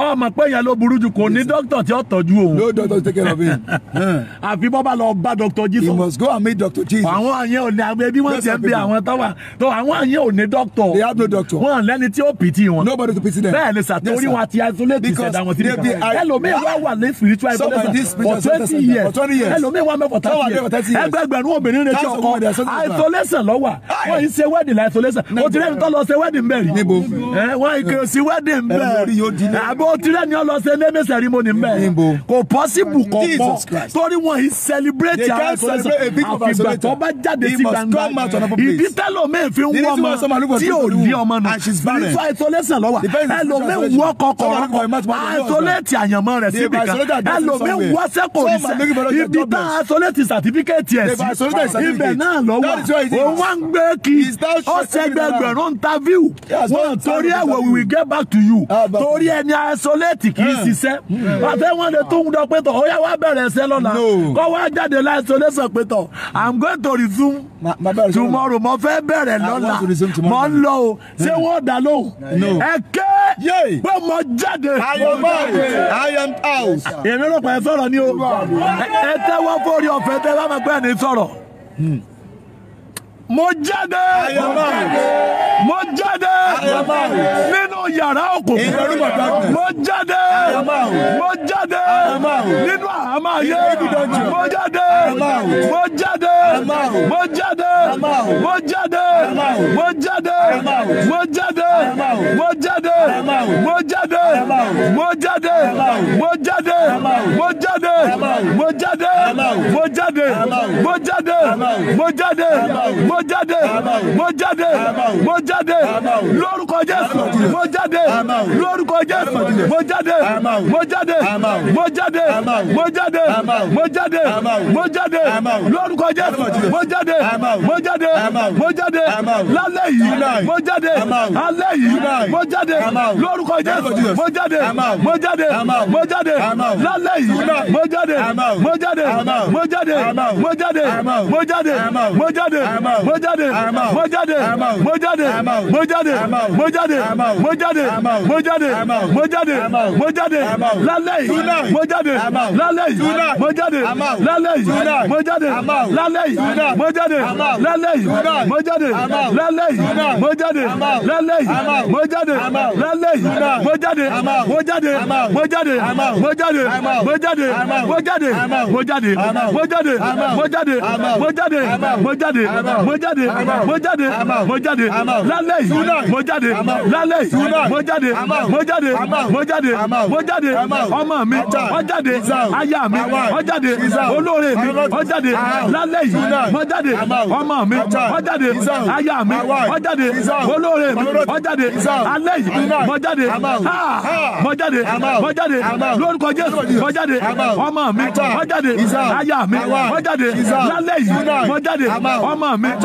ọmọ pé yẹn ló burú jù kò ní dókítà tí ó tọ́jú òun. no doctor take care of him. [laughs] àfi bọ́ bá lọ bá doctor jesus. he must go and meet doctor jesus. àwọn àyẹn ò ní àgbẹ̀ bí wọ́n ti ń bí àwọn tó wà tó àwọn àyẹn ní doctor. they have no doctor. wọn lẹni tí ó pìtì wọn. nobody to pity them. bẹ́ẹ̀ ni sà torí wọn ti isolate ìṣẹ̀dá wọn ti bí kan. ẹlòmíì wá wà ní spiritual isolation for twenty years ẹlòmíì wá mẹ́fọ̀ thirty years ẹgbẹgbẹ̀rún obìnrin retí ọkọ isolation ló wà wọ́n yìí ṣe wedding la isolation o ti rẹ́ni tó lọ ṣe wedding bẹ́ẹ̀ rí wọ́n yìí kì í ṣe wedding bẹ́ẹ̀ àbọ̀ o ti rẹ́ni ọ lọ ṣe naming kò possible kò pọ̀ torí wọn yìí celebrate àwọn ìsọlẹ́sọ àfìgbà tó bá jáde sí gbangba ìdí tẹ́lọ̀mẹ́ fi ń wọ́n ọmọ tí ò ní ọmọ nù nípa ìsọlẹ́sọ lọ́wọ́ ẹlòmẹ́ wọ́ kọkọrọ àìsọlẹ́tì àyànmọ́ rẹ̀ síbi kan ẹlòmẹ́ wọ́ sẹ́kọ̀ọ́ ìṣẹ́ ibi tá àìsọlẹ́tì certificate ẹ̀ sí ibẹ̀ náà lọ́wọ́ òun wá ń interview wọn torí we will get back to you ah, torí ẹni isolate kì í hmm. ṣiṣẹ́ hmm. àfẹ́ wọn lè tún dọ pé tọ̀ ó yá wá bẹ̀rẹ̀ ẹsẹ̀ lọ́la kọ́ wá jáde láì isolation pé tọ̀ i'm going to resume tomorrow mo fẹ́ bẹ̀rẹ̀ lọ́la mo ń lọ o ṣé hmm. wọ́n dà lóhùn ẹ̀kẹ́ pé mo jáde. i am out. èmi rò pé ẹ sọ̀rọ̀ ni o ẹ tẹ́wọ́ fórí ọ̀fẹ́ tẹ́ bá máa gbẹ́ ni sọ̀rọ̀ mo jáde mo jáde nínú yàrá òkùnkùn mo jáde mo jáde nínú àhámọ́ ayé mo jáde mo jáde mo jáde mo jáde mo jáde mo jáde mo jáde mo jáde mo jáde mo jáde mo jáde mo jáde mo jáde mo jáde mo jáde mo mo jáde mo jáde mo jáde lórúkọ jésù mo jáde lórúkọ jésù mo jáde mo jáde mo jáde mo jáde mo jáde mo jáde lórúkọ jésù mo jáde mo jáde mo jáde lálẹ́ yìí mo jáde alẹ́ yìí mo jáde lórúkọ jésù mo jáde mo jáde mo jáde lálẹ́ yìí mo jáde mo jáde mo jáde mo jáde mo jáde mo jáde mo jáde mo jáde mo jáde mo jáde mo jáde mo jáde mo jáde mo jáde mo jáde lálẹ́ yìí mo jáde lálẹ́ yìí mo jáde lálẹ́ yìí mo jáde lálẹ́ yìí mo jáde lálẹ́ yìí mo jáde lálẹ́ yìí mo jáde lálẹ́ yìí mo jáde lálẹ́ yìí mo jáde mo jáde mo jáde mo jáde mo jáde mo jáde mo jáde mo jáde mo jáde mo jáde mo jáde mo jáde jáde mo jáde mo jáde lálẹ́ yìí mo jáde lálẹ́ yìí mo jáde mo jáde mo jáde mo jáde ọmọ mi wọ́n jáde aya mi wọ́n jáde olóore mi wọ́n jáde lálẹ́ yìí wọ́n jáde ọmọ mi wọ́n jáde aya mi wọ́n jáde olóore mi wọ́n jáde alẹ́ yìí wọ́n jáde wọ́n jáde wọ́n jáde lórúkọ Jésù wọ́n jáde ọmọ mi wọ́n jáde aya mi wọ́n jáde lálẹ́ yìí wọ́n jáde ọmọ mi.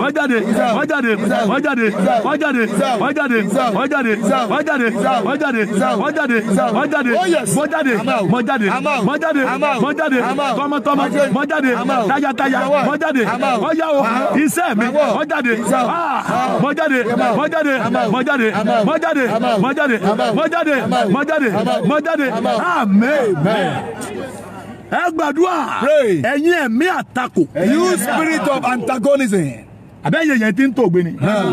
wọ́n jáde wọ́n jáde wọ́n jáde wọ́n jáde wọ́n jáde wọ́n jáde wọ́n jáde wọ́n jáde wọ́n jáde wọ́n jáde wọ́n jáde wọ́n jáde wọ́n jáde wọ́n jáde tọmọtọmọ wọ́n jáde tayataya wọ́n jáde wọ́n yá o iṣẹ́ mi wọ́n jáde wọ́n jáde wọ́n jáde wọ́n jáde wọ́n jáde wọ́n jáde wọ́n jáde wọ́n jáde wọ́n jáde amen ẹ gbàdúrà ẹ̀yin ẹ̀mí àtakò. you spirit of antagonism àbẹ́yẹ yẹn ti ń tògbé ni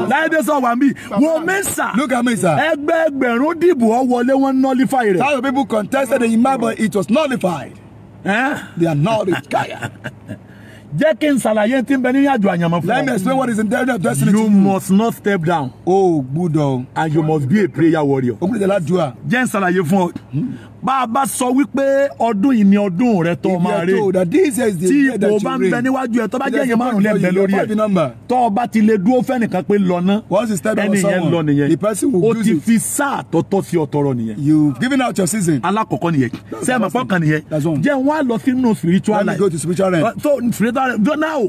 láyédè sọ wà mí wo mẹ́sà ẹgbẹ́ ẹgbẹ̀rún dìbò ọ wọlé wọn nullify rẹ̀. táwọn people contested the imam but it was nullified. Eh? they are nullified. [laughs] jẹ́ kí n ṣàlàyé tí n bẹ nínú àjò àyànmọ́ fún ọ. let me explain what is in there. of destiny. you must not step down. o gbúdọ̀. and you must be a prayer warrior. o gbúdọ̀ jẹ́ ládùúgbà. jẹ́ n ṣàlàyé fún ọ bá a bá sọ wípé ọdún yìí ni ọdún rẹ tó máa rè tí ipò bá ń bẹ níwájú ẹ tó bá jẹ́ èèyàn márùn lẹ́ẹ̀bẹ̀ lórí ẹ tó o bá ti lè dúró fẹ́nìkan pé lọ ná ẹni yẹn lọ nìyẹn o ti fi sáà tọ́tọ́ sí ọ̀tọ̀rọ̀ nìyẹn alákọ̀ọ́kọ́ nìyẹn sẹ́ẹ̀ mọ̀ pọ́kàn nìyẹn jẹ́ wọ́n á lọ sínú spiritual life go uh, so spiritual life now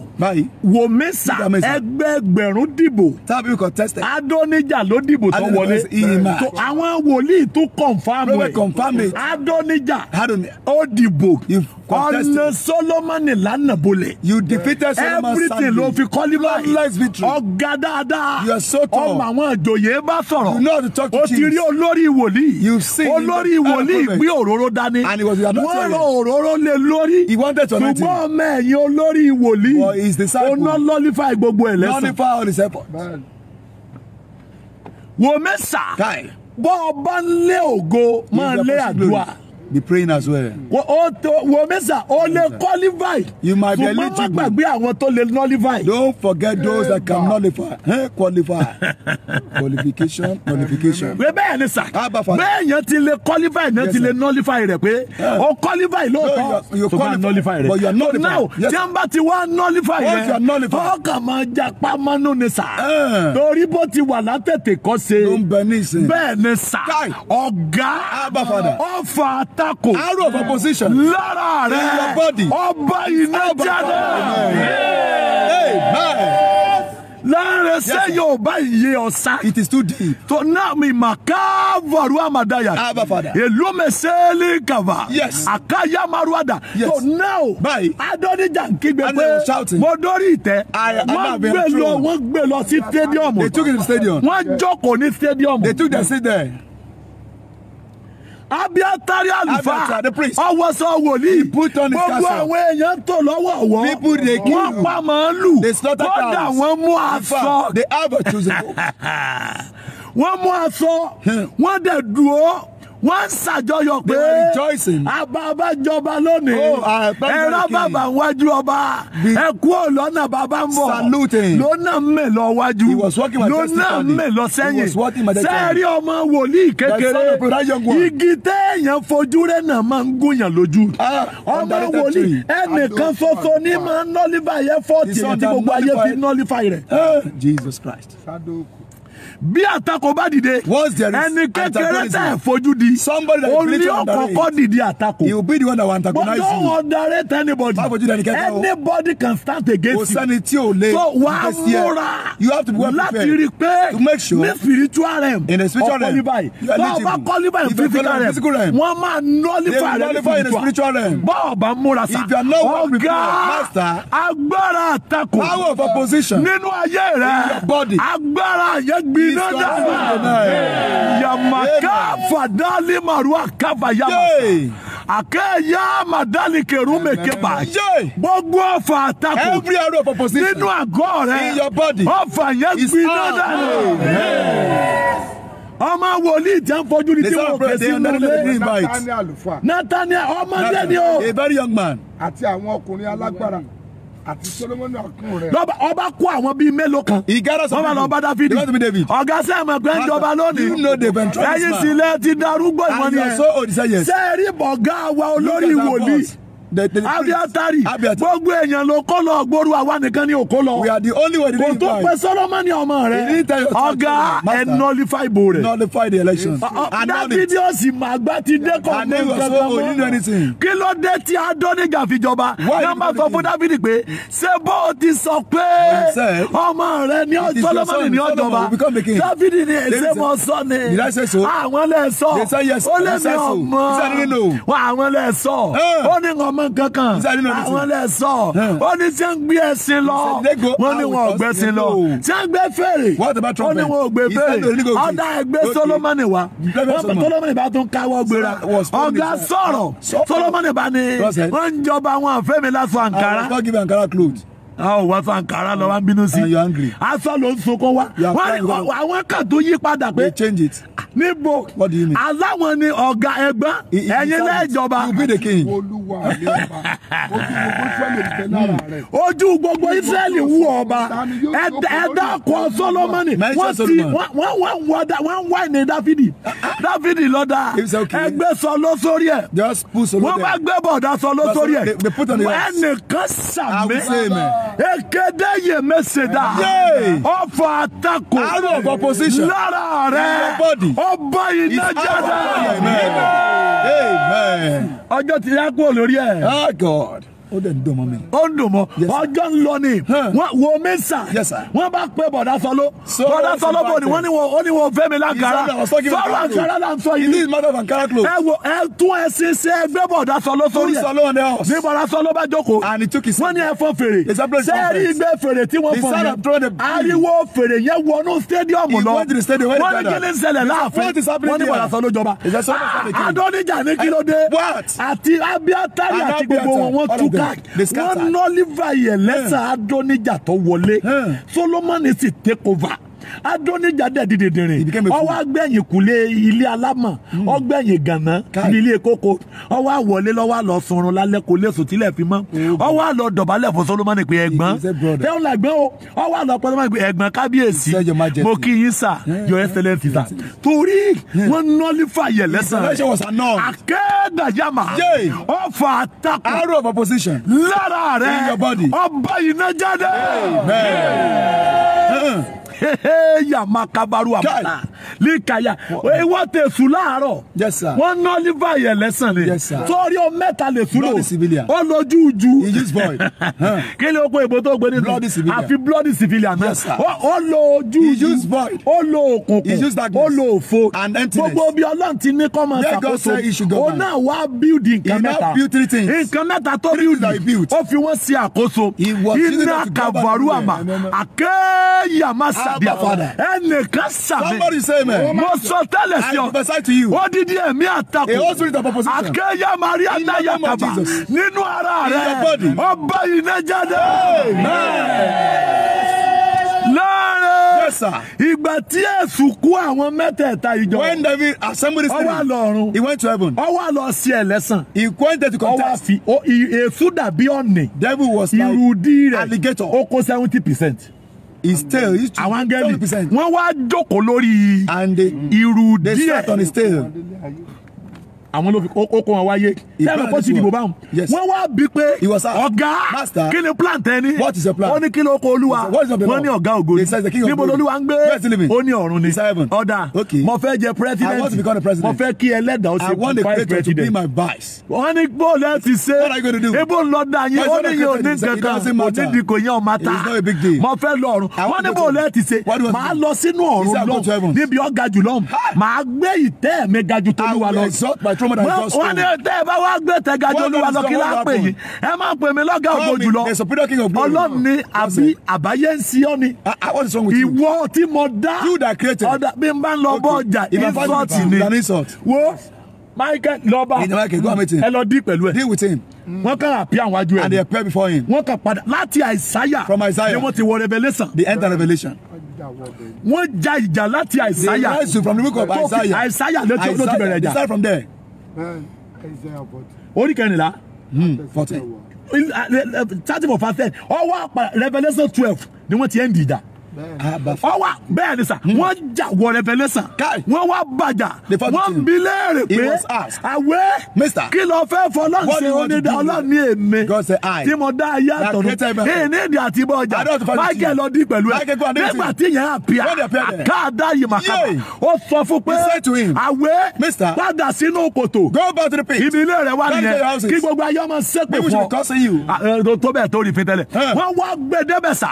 wò mí sà ẹgbẹ̀ẹ́gbẹ̀rún dìbò adóníjà ló dìbò tó wọlé àwọn wòlíì tún confam confirm it. Adonija. Adonija. Odibo. You contested. Ọ̀nà Sọlọ́mọ́nì lánàá bolẹ̀. You defeated Sọlọ́mọ́nì Sunday. Everything ló fi kọ́lí báyìí. Lọ́láìsì victory. Ọ̀gá dáadáa. You are so tall. Ọmọ àwọn àjòyè bá sọ̀rọ̀. You know how to talk to kings. O ti rí olórí wòlíì. You see. Olórí wòlíì gbé òróró dání. And he was your doctor. Wọ́n rọ òróró lé lórí. He wanted to anoint him. Ṣùgbọ́n ọmọ ẹ̀yìn olórí wòlíì. For his disciples. Oná lọ́lífà gbogbo ẹ̀ lẹ́sìn. Lọ́lífà all disciples. Wòmẹ́sà. Káì bọ́ ọ bá ń lé ògo máa lé àdúrà be praying as well. o to wo mesa o lè qualify. you might be eligible ṣùgbọ́n má gbàgbé àwọn tó lè nullify. don't forget those that can nullify hey, qualify [laughs] qualification qualification. pé bẹ́ẹ̀ ni sà bẹ́ẹ̀ yẹn ti lè qualify yẹn ti lè nullify rẹ̀ pé o qualify lóòótọ́ tó bá nullify rẹ̀. but you are nullified. now tí wọ́n bá ti wá nullify rẹ̀ ọkàn máa japa mọ́nú ni sà. torí bó ti wà látètè kọ́ ṣe. ló ń bẹ ní ìsìn. bẹ́ẹ̀ ni sà ọ̀gá ọ̀fà tá àtakò. arrow of opposition. lára rẹ. in your body. ọba iná jáde. amen. lára ẹsẹ̀ yóò bá iye ọ̀sá. it is too deep. tó now mi mà ká varu amadaya. abba fada. èló mẹsẹ́lì kava. yes. àkáyà maruada. yes. tó náà. báyìí. adọ́nijà ń kígbe pé mo dórí ìtẹ́. wọ́n gbé lọ wọ́n gbé lọ sí stadium. they took it to stadium. wọ́n jókòó ní stadium. they took the seat there abiatari àlùfáà ọwọ́sọ wòlíì gbogbo àwọn èèyàn tó lọ́wọ́wọ́ wọ́n pa màálù kódà [laughs] wọ́n mú aṣọ wọ́n mú aṣọ wọ́n dẹ̀ dùn ó wọ́n ń ṣàjọyọ̀ pé àbàbà jọba lónìí oh, ah, ẹ̀rọ bàbá wájú ọba ẹ kú lọ́nà bàbá ń bọ̀ lọ́nà mẹ́ lọ wájú lọ́nà mẹ́ lọ sẹ́yìn sẹ́ẹ̀rí ọmọ wòlíì kékeré igi téèyàn fojú rẹ̀ náà máa ń gúnyàn lójú ah, ọmọ wòlíì ẹnìkan fọ́fọ́ ní máa ń nọ́lífà yẹ fọ́ọ̀tì ẹ̀ tí gbogbo ayé fi nọ́lífà rẹ̀. Ah. Jesus Christ bí àtakò bá dìde ẹni kékeré tẹ fojú di oní ọkọ̀ọ̀kọ̀ dìde àtakò But ọ̀dàrẹ́ tẹ́nibọ́dì anybody can start against you so wàá múra láti rí i pé ní spiritual realm ọkọ̀ ní báyìí bọ́ọ̀ bá kọ́ ní báyìí physical realm wọ́n máa nọ́lífà rẹ̀ ní spiritual realm bọ́ọ̀ bá múra sa ọ̀gá agbára àtakò nínú ayé body. agbára yẹn gbin. Inonda. Yamaka fadali marua kava yamasa àkẹ́yà gbogbo ọ̀fà àtakò nínú àgọ́ rẹ̀ ọ̀fà yẹn gbiná dànù. ọmọ wòlíì tí a fojú ní tí wọn fẹ́ sí nílé Nathaniel ọmọdé ni o. a very young man. àti àwọn ọkùnrin alágbára àti solomoni ọkùn rẹ. lọ́ba ọba kó àwọn bíi mélòó kan. ìgárá sọ fún mi ọba dafidi ọ̀gá sẹ́ẹ̀mọ̀ pé ń jọba lónìí ẹ̀yìn sílẹ̀ ti darúgbó ìmọ̀ nìyẹn sẹ́ẹ̀rí bọ̀gá wa olórí wòlíì abiatari gbogbo èèyàn ló kó lọ gbóru àwa nìkan ni òkó lọ kò tó pẹ́ sọ́lọ́mọ́nì ọmọ rẹ ọ̀gá ẹ̀ nọlifá ìbò rẹ̀ dábìdì ọ̀sì màgbà ti dé kọ́ ọ̀gbìn kankan kí ló dé tí adọ́nìgà fi jọba nọ́mbà sọ fún dábìdì pé ṣé bó o ti sọ pé ọmọ rẹ ni sọ́lọ́mọ́nì ni ọ̀jọba dábìdì ni èsè mọ́ sọ ni àwọn lẹ́sọ̀ ó lé mi ọ̀mọ́ àwọn lẹ́sọ̀ ó ní ọmọ mọ kankan àwọn lè sọ ó ní tí ń gbé ẹṣin lọ wọ́n ní wọn ò gbé ẹṣin lọ tí ń gbé fèrè ó ní wọn ò gbé fèrè ọ̀dà ẹgbẹ́ Solomoni wa Solomoni bá tún káwọ́ gbéra ọ̀gá sọ̀rọ̀ Solomoni bá ní wọ́n ń jọba wọn àfẹ́mi láti Ankara àwọn wá fún ankara lọ wá ń bínú sí i aṣọ ló ń sunkún wa àwọn kan tó yí padà pé níbo aláwọn ni ọ̀gá ẹgbọ́n ẹ̀yin lẹ́jọba hmm. ojú gbogbo Ísírẹ́lì wú ọba ẹ̀dá ọkọ̀ Sólómọ́nì wọ́n sì wọ́n wá ní Dáfídì Dáfídì lọ́dà ẹgbẹ́ sọ lọ́sórí ẹ̀ wọ́n bá gbé bọ̀dá sọ lọ́sórí ẹ̀ ẹnìkan sàmì èkéde yèmẹ́sẹ̀dá ọ̀fọ̀ àtakò lára rẹ̀ ọba iná jáde ọjọ́ ti yá kúrò lórí ẹ̀. Ah, ó dẹ̀ ń dùn mọ́ mi. ó ń dùn mọ́ ọjọ́ ń lọ ni wo mi sà wọ́n bá pé bọ̀dá sọlọ́ bọ̀dá sọlọ́ bò ni wọ́n ní wọn fẹ́ mi lágara sọ̀rọ̀ àǹkárá là ń sọ yìí ẹ wo ẹ tún ẹ sin sí ẹgbẹ́ bọ̀dá sọlọ́ sórí ẹ ní bọ̀dá sọlọ́ bá jókòó wọ́n ní ẹ fọ́ fèrè sẹ́ẹ̀rì ìgbẹ́ fèrè tí wọ́n fọ́ mi ariwo fèrè yẹn wọnú stadium lọ wọ́n ní kí ni ṣẹlẹ̀ láàfin wọ́n ní bọ̀dá sọlọ́ jọba adọ́nijà ní kílódé àti abiatari àti gbogbo wọn wọn túk Isaac wọ́n nọ́lífà yẹ̀ lẹ́sà adóníjà tó wọlé Solomoni sì take over adonija dẹ̀ di dèdèrè ọwọ́ agbẹ̀yìn kùlé ilé alámọ̀ ọgbẹ̀yìn hmm. gànà ilé kókó ọwọ́ àwọlé lọ́wọ́ àlọ́ sunrun lálẹ́ kò lè sùn tílẹ̀ fi mọ́ ọwọ́ àlọ́ dọ̀bálẹ̀ fún Solomoni pé ẹ̀gbọ́n tẹ́wọ́n làgbẹ́ o ọwọ́ àlọ́ pẹ́ Solomoni pé ẹ̀gbọ́n kábíyèsí mo kí yín sà your excellence sà torí wọ́n nọ́ọ́lì fàyẹ̀ lẹ́sàn-án akẹ́dàjàmà ọ̀fà àtakò arrow of opposition lára rẹ̀ ọba ìnájáde yamakabaru amala likaya ìwọ tẹ sùn láàárọ̀ wọn ná nípa yẹ lẹsàn ni sọrí ọ mẹ́ta lè sùn lò ọ lójú ju [laughs] kí ni o kó èbó tó gbé nínú àfi bloody civilian náà ó lo ojú ju ó lo òkùnkùn ó lo òfo gbogbo bí ọlọ́run ti ní kọ́ máa ṣàkóso ó náà wá bíldì nǹkan mẹ́ta nǹkan mẹ́ta tó bíldì ó fi wọ́n ṣe àkóso iná kàbọ̀rú àmà àkéyàmásá their father. ẹnìkan sàmì. somebody say amen. mo sọ tẹ́lẹ̀ sí ọ. I prophesy to you. odidi ẹ̀mí àtakò. a whole spirit of opposition. akẹ́yà maria náyà kaba nínú ara rẹ̀ ọba iná jáde. láàrin ìgbà tí èsù kú àwọn mẹ́tẹ̀ẹ̀ta ìjọ. when David assembled his army. he went to heaven. ọwọ́ àlọ́ sí ẹ̀ lẹ́sàn. he went there to contest. ọwọ́ àfi èsù dàbí ọ̀nì. Devil was like irudi rẹ̀ alligator. ó seventy percent he still he still àwọn angẹ́lì wọ́n wá jókòó lórí irú díẹ̀ àwọn ló fi ó kó wọn wáyé sẹ́yìn kó ti dìbò báwọn wọ́n wá bí pé ọ̀gá kí ni plan What is tẹ́ ní ó ní kí ló kó olúwa wọ́n ní ọ̀gá ògo ní níbo lolúwa ń gbé ó ní ọ̀run ni ọ̀dà mo fẹ́ jẹ president I want the mo fẹ́ kí ẹlẹ́dàá ó ṣe vice president wọ́n ní bó lẹ́ ti ṣe ebo lọ́dà yín ó ní yín ò ní kankan onídìí kò yẹn ọ̀ma ta mo fẹ́ lọ ọ̀run wọ́n ní bó lẹ́ ti ṣe màá lọ sínú ọ̀run lọ níbi ọ̀gá jùlọ màá gbé ìtẹ́ mi ga jù tó lù wá lọ more than gospel. wọ́n ní tẹ́ ẹ bá wá gbé tẹ̀gájọ́ olúwa lọ kí lápè yìí ẹ máa pè mí lọ́gàá ògo jùlọ ọlọ́run ni àbí àbáyé ń sí ọ́ ni ah, ah, ìwọ tí mo dá ọ̀dà bí n bá ń lọ bọ́ ọjà insult ni wo michael lọba ẹ lọ Deal with him. wọ́n kàn àpí àwọn ajú ẹ and they appear before him wọ́n kàn padà láti àìsáyà from àìsáyà ni wọ́n ti wọ The end of revelation wọ́n ja ìjà láti àìsáyà they rise from the book of àìsáyà àìsáyà ló ti bẹ̀rẹ̀ ìjà start from there orí kẹrìnlá hmm, fourteen thirty for past ten ọwọ́ revelation twelve ni wọ́n ti ẹ̀ ń dìda ọwà bẹ́ẹ̀ ni sà hmm. wọ́n jà wọ revelation wọ́n wá bàjà wọ́n bi léèrè pé àwẹ̀ kí lọ fẹ́ fọlọ́n ṣe onídà ọlọ́ọ̀ni èmi tí mo dá ayé àtọ̀nù èyí ní àti bọ́ ọjà michael ọdí pẹ̀lú ẹ̀ nígbà tí yẹn àpìà káàdá yìí màkà ó sọ fún pé àwẹ̀ padà sínú kòtò ibi ilé rẹ̀ wà nìyẹn kí gbogbo ayé ọmọ sẹ́pẹ̀ fún ọ ah, eh, tó bẹ̀ tó rí fi tẹ́lẹ̀ wọ́n wá gbẹdẹ́bẹ̀ sà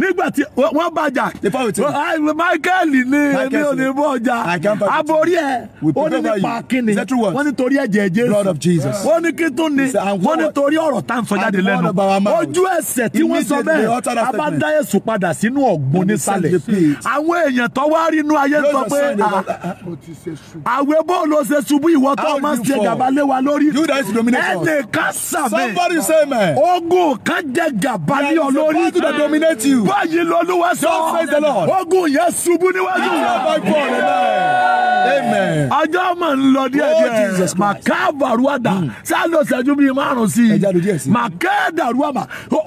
nígbà tí wọ́n bá bàjá. the fight with him. ni èmi ò ní bọ́ ọjà. aborí ẹ ó ní nípa kíni wọ́n ní torí ẹ̀jẹ̀ jésù wọ́n ní kí tún ni wọ́n ní torí ọ̀rọ̀ tá n sọ jáde lẹ́nu ojú ẹsẹ̀ tí wọ́n sọ bẹ́ẹ̀ a bá dá èsù padà sínú ọ̀gbun nísàlẹ̀ àwọn èèyàn tó wá rí inú ayé sọ pé ah, ah, àwẹ̀ bó ló ṣubú ìwọ tó máa ṣe gàba lé wa lórí ẹnì kan sàmẹ́ ogun kan jẹ gàba lé ọ Praise the Lord. Ogun yẹn ṣubú níwájú rẹ̀. Amen. Ajọ́ máa ń lọ díẹ̀ oh, díẹ̀. Màkà Bàrúwàdà hmm. sálọ ṣẹ́jú bíi márùn-ún sí i. Màkà Dàrúwàmà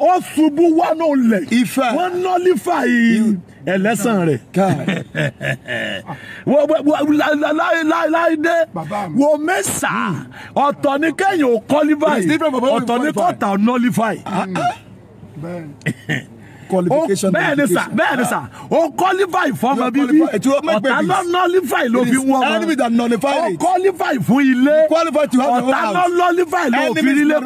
ó ṣubú wánú lẹ̀. Ìfẹ́. Wọ́n nọ́lí fà yìí ẹlẹ́sàn rẹ̀. [laughs] láìláìdé wo mẹ́sà hmm. ọ̀tọ̀ ni kẹ́yìn ò qualify ọ̀tọ̀ ni kọ́ta ò nullify qualification oh, bẹ́ẹ̀ ni sà bẹ́ẹ̀ ni sà o qualify fọmọ bíbí ọ̀tá lọ nullify ló fi wọ́n o qualify fún ilé ọ̀tá lọ nullify ló fi rílé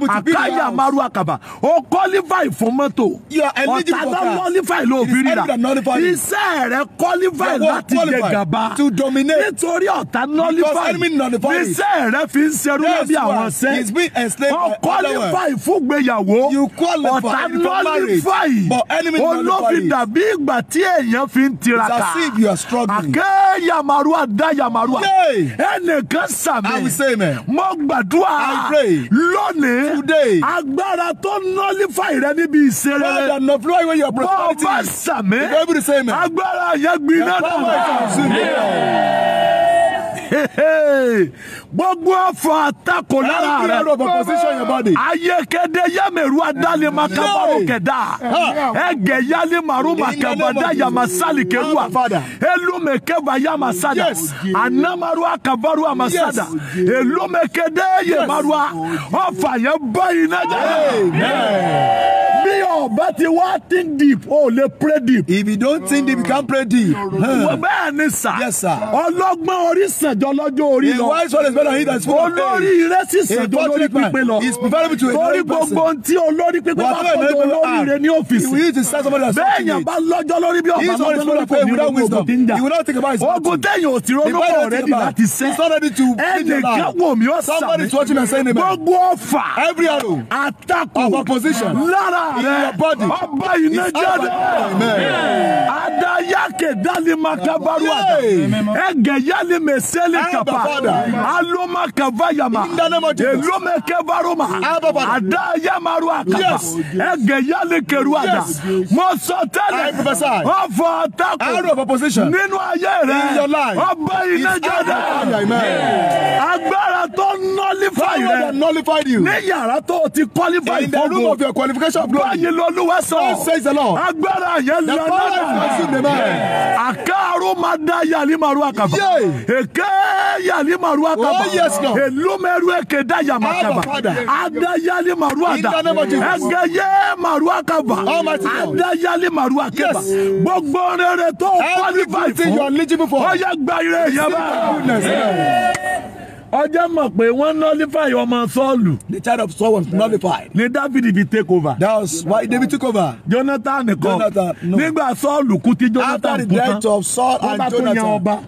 bọ́ àkáyà maru àkàbà o qualify fún mọ́tò ọ̀tá lọ nullify ló fi ríra iṣẹ́ rẹ qualify láti jẹ gàba nítorí ọ̀tá nullify iṣẹ́ rẹ fi ń ṣerú lóbi àwọn ṣẹ́ o qualify fún gbéyàwó ọ̀tá nullify báyìí olófin dàbí ìgbà tí èèyàn fi ń tiraka àkẹ́ yamarua dá yamarua ẹnìkan sàmì mo gbàdúrà lónìí agbára tó nọ́lífà rẹ níbi ìṣeré bọ́ọ̀ bá sàmì agbára yẹn gbiná náà gbogbo ọfọ àtakò lára rẹ ayékéde yẹmẹrú adálema kabaro kẹdá ẹgẹ yálẹmàrú makabada yamasali kẹrùwà elumekeba yamasada anamaru akabaru amasada elumekede yemarua ọfà yẹn báyìí náà jẹ bí wá think deep o lè pray deep. if you don't think deep you can't pray deep. bẹ́ẹ̀ sà ọlọ́gbọ́n orí sàn jọ lọ́jọ́ orí lọ. the wise one is better than he that is full of faith. olórí rẹ sì sàn tó lórí pípé lọ. is preferable to a lórí person. torí gbogbo ohun tí olórí pípé bá tọ́jú olórí rẹ ní ah. ọ́fíìsì. we need to bá lọ́jọ́ lórí bí ọba mọ́tò lórí kò ní ogun tó ti ń jà. he will not think about his battle. ogun tẹ̀yìn ò ti ronú bọ̀ rẹ́dì láti sẹ́. he is not ready to win the battle. ẹnìkan somebody is watching and saying amen. gbogbo ọfà. every arrow. àtakò. of opposition. lára rẹ ọba iná jáde. adayake dalimakaba. Kabaruada. Egeyali Mesele Kapa. Eloma Kavayama. Elome Kevaroma. Ada Yamarua Kaba. Ege Yale Keruada. Mosotele. Ọfọ àtakò. Nínú ayé rẹ̀. Ọba iná jáde. Agbára tó nullify rẹ̀. Ní yàrá tó ti qualify fún. Báyìí lọ́lúwa sọ. Agbára yẹn lọ náà. Àkàrò máa dá yàrá màrú àkàbà. Èké yàrá màrú àkàbà. Oh, yes, Lord. Elumeru ekeda yamakaba. Adayali maruada. Egeye maruakaba. Adayali maruakaba. Gbogbo rere Yes, qualify fún. Ọyẹ gba ire yaba ọjọ́ mọ̀ pé wọ́n nullify ọmọ Sọ́ọ̀lù. the child of Saul was nullified. ni David bi take over. that was why David took over. Jonathan kọ nígbà Sọ́ọ̀lù kú tí Jonathan kú tán. after the death of Saul and Jonathan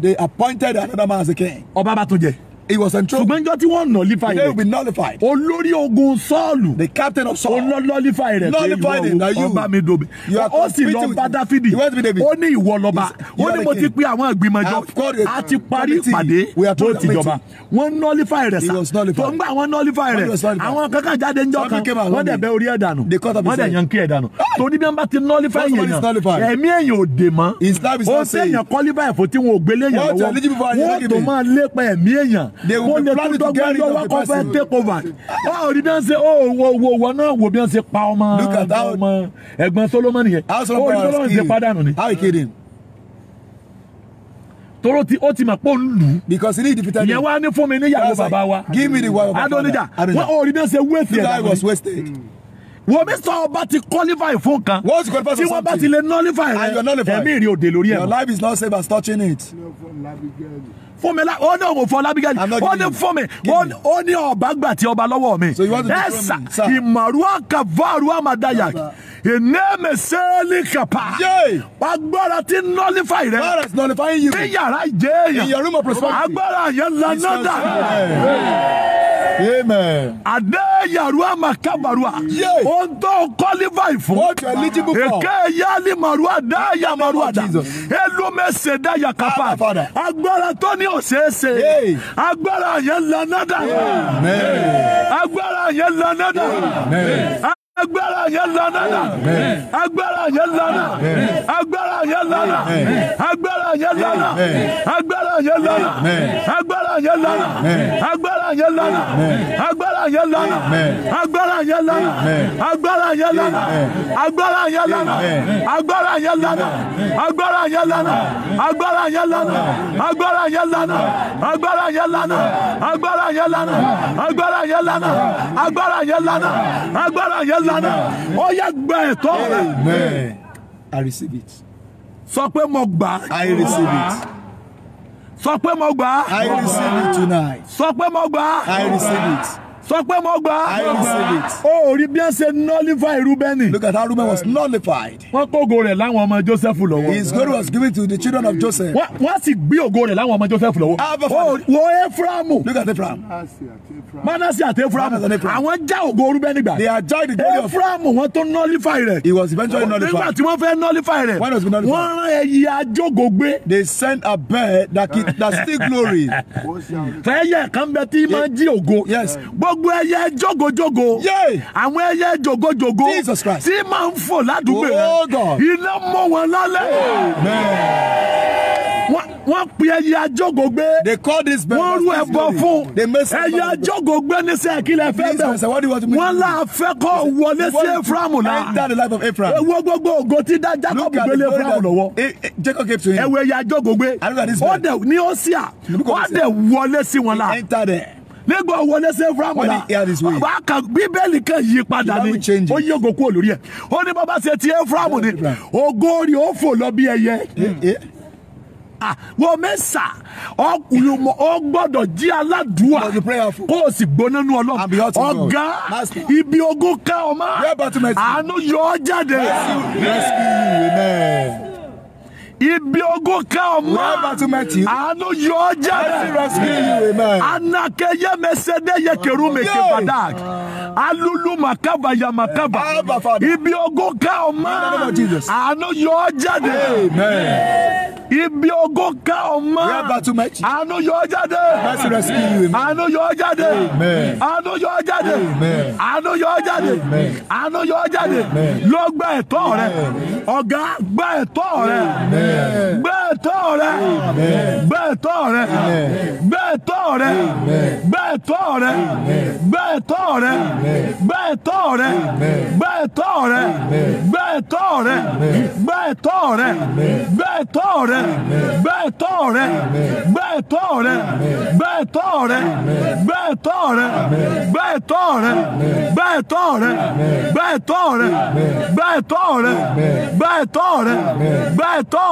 they appointed another man as a king. ọba bá tún jẹ he was enthroned. ṣùgbọ́n jọ́ tí wọ́n nullified rẹ̀. they will be nullified. olórí ogun Sọ́ọ̀lù. the captain of Saul. ó nullify rẹ̀ pé ìwọ o ọba mi dobe. ó sì lọ bá Dáfídì. ó ní ìwọ lọ́ba. ó ní mo ti pè àwọn ìgbìmọ̀ jọ. a ti parí ìpàdé tó ti jọba. wọ́n nullify rẹ̀ sá. tó ń gbà wọ́n nullify rẹ̀. àwọn kankan jáde ńjọ́ kan. wọ́n dẹ̀ bẹ́ orí ẹ̀ dànù. wọ́n dẹ̀ yan kí ẹ̀ dànù. torí bí wọ́n bá ti nullify yẹn. ẹ̀mí ẹ̀yìn ò dè mọ́. ó sẹ́yìn kọ́lífà ẹ̀fọ́ tí wọn ò gbélé yẹn lọ́wọ́. wọ́n tó máa lépa ẹ̀mí ẹ̀yàn they will be planning to get rid of take over. báwo ni bí wọ́n ṣe ó wo wo wọ́n náà wo bí wọ́n ṣe pa ọmọ ọmọ ẹ̀gbọ́n Solomon yẹn ó ní Solomon ṣe padànù ni. how you kidding. toro ti o ti ma po lu. because he need to be mi ní yàgò bàbá wa. give me the wọn ò rí bí wọ́n ṣe waste. the guy wo mi sọ ọba ti qualify fún kan tí wọn bá ti lè nullify rẹ ẹ̀mí rí òde lórí ẹ. your life is not safe as touching it. fún mi ó ní òun fún Ọlábígẹ́lì ó ní fún mi ó ní ọba gbà tí ọba lọ́wọ́ mi ẹ̀sà ìmọ̀rú àkàvọ́ àrùn àmàdáyà ìnẹ́ẹ̀mẹ̀ sẹ́ẹ̀lì kàpá. agbára ti nọ́lífàì rẹ̀. God is nullifying you. ní yàrá ìjẹ́ èèyàn. in your room agbára yẹn lanà dà. Amen. Adé yàrá màkàbàrúà. Ohun tó kọ́lífàì fún. Wọ́n tẹ̀ eligible for. Èké yálì màrúà dá yà màrúà dá. Elúmẹ̀sẹ̀ dá yà kàpá. Agbára tó ní òṣèṣe. Agbára yẹn lanà dà. Amen. Agbára yẹn lanà dà. Amen agbára yẹn lana agbára yẹn lana agbára yẹn lana agbára yẹn lana agbára yẹn lana agbára yẹn lana agbára yẹn lana agbára yẹn lana agbára yẹn lana agbára yẹn lana agbára yẹn lana agbára yẹn lana agbára yẹn lana agbára yẹn lana agbára yẹn lana agbára yẹn lana agbára yẹn lana agbára yẹn lana agbára yẹn lana agbára yẹn lana lánàá ó yá gba ẹ̀tọ́ rẹ. I receive it. sọ pé mo gbà. I receive it. sọ pé mo gbà. I receive it tonight. sọ pé mo gbà. I receive it sọ pé mo gbà. I receive it. o ò rí bí wọ́n ṣe nullify Rubeni. Look at how Ruben was nullified. wọ́n kó ògo rẹ̀ láwọn ọmọ Joseph lọ́wọ́. His God was given to the children of Joseph. wọ́n sì gbé ògo rẹ̀ láwọn ọmọ Joseph lọ́wọ́. wo Ephraim. Look at Ephraim. Manasi àti Ephraim. àwọn já ògo Rubeni gbà. They are joy the glory of. Ephraim wọ́n tó nullify rẹ̀. He was eventually nullified. nígbà tí wọ́n fẹ́ nullify rẹ̀. When was he nullified? wọ́n rán ẹyẹ ajógògbé. They sent a bird that, that still glory. [laughs] fẹ́yẹ̀ kan bẹ tí máa jí ògo. Yes. gbọ́ gbogbo ẹyẹ jogojogo àwọn ẹyẹ jogojogo tí máa ń fò ládùúgbò rẹ oh, iná mọ́ wọn lálẹ́ wọ́n pe ẹyẹ ajogogbe. they call this bird. wọ́n rú ẹbọ fún. they make sense. ẹyẹ ajogogbe ní sẹ́ kílẹ̀ fẹ́ bẹ̀. wọ́n là fẹ́ kọ́ wọlé sí Ephraim la. enter the life of Ephraim. ewo gbogbo ògo ti dá Jacob gbélé Ephraim lọ́wọ́. Eh, eh, Jacob gave to him. ẹwẹ́ ẹyẹ ajogogbe. I look at this bird. ó dẹ̀ ní ó sí à. ó dẹ̀ wọlé sí wọn la nígbà wọlé ṣe fúra mọ̀dà wà á kan bíbélì kan yí padà ni ó yí ògo kúrò lórí ẹ̀ ó ní bàbá ṣe ti fúra mọ̀ ni ògo rẹ̀ ó fò lọ bí ẹyẹ eh, eh. wọ́n mẹ́sà ọkùnrin ọ gbọ́dọ̀ jí aládùúwà kó o sì gbóná nú ọlọ́run ọ̀gá ibi ogún ká ọmọ àánú yọ ọ jáde. Amen ibi ogun ká ọmọ àánú yọ ọ jáde anakẹyẹ mẹsẹdẹ yẹ kẹrù mẹkẹ badak alulu makaba ya makaba ibi ogun ká ọmọ àánú yọ ọ jáde ibi ogun ká ọmọ àánú yọ ọ jáde àánú yọ ọ jáde àánú yọ ọ jáde àánú yọ ọ jáde àánú yọ ọ jáde lọ gba ẹ̀tọ́ rẹ ọ̀gá gba ẹ̀tọ́ rẹ bẹ́ẹ̀ tọ́ rẹ bẹ́ẹ̀ tọ́ rẹ bẹ́ẹ̀ tọ́ rẹ bẹ́ẹ̀ tọ́ rẹ bẹ́ẹ̀ tọ́ rẹ bẹ́ẹ̀ tọ́ rẹ bẹ́ẹ̀ tọ́ rẹ bẹ́ẹ̀ tọ́ rẹ bẹ́ẹ̀ tọ́ rẹ bẹ́ẹ̀ tọ́ rẹ bẹ́ẹ̀ tọ́ rẹ bẹ́ẹ̀ tọ́ rẹ bẹ́ẹ̀ tọ́ rẹ bẹ́ẹ̀ tọ́ rẹ bẹ́ẹ̀ tọ́ rẹ bẹ́ẹ̀ tọ́ rẹ bẹ́ẹ̀ tọ́ rẹ bẹ́ẹ̀ tọ́ rẹ bẹ́ẹ̀ tọ́ rẹ bẹ́ẹ̀ tọ́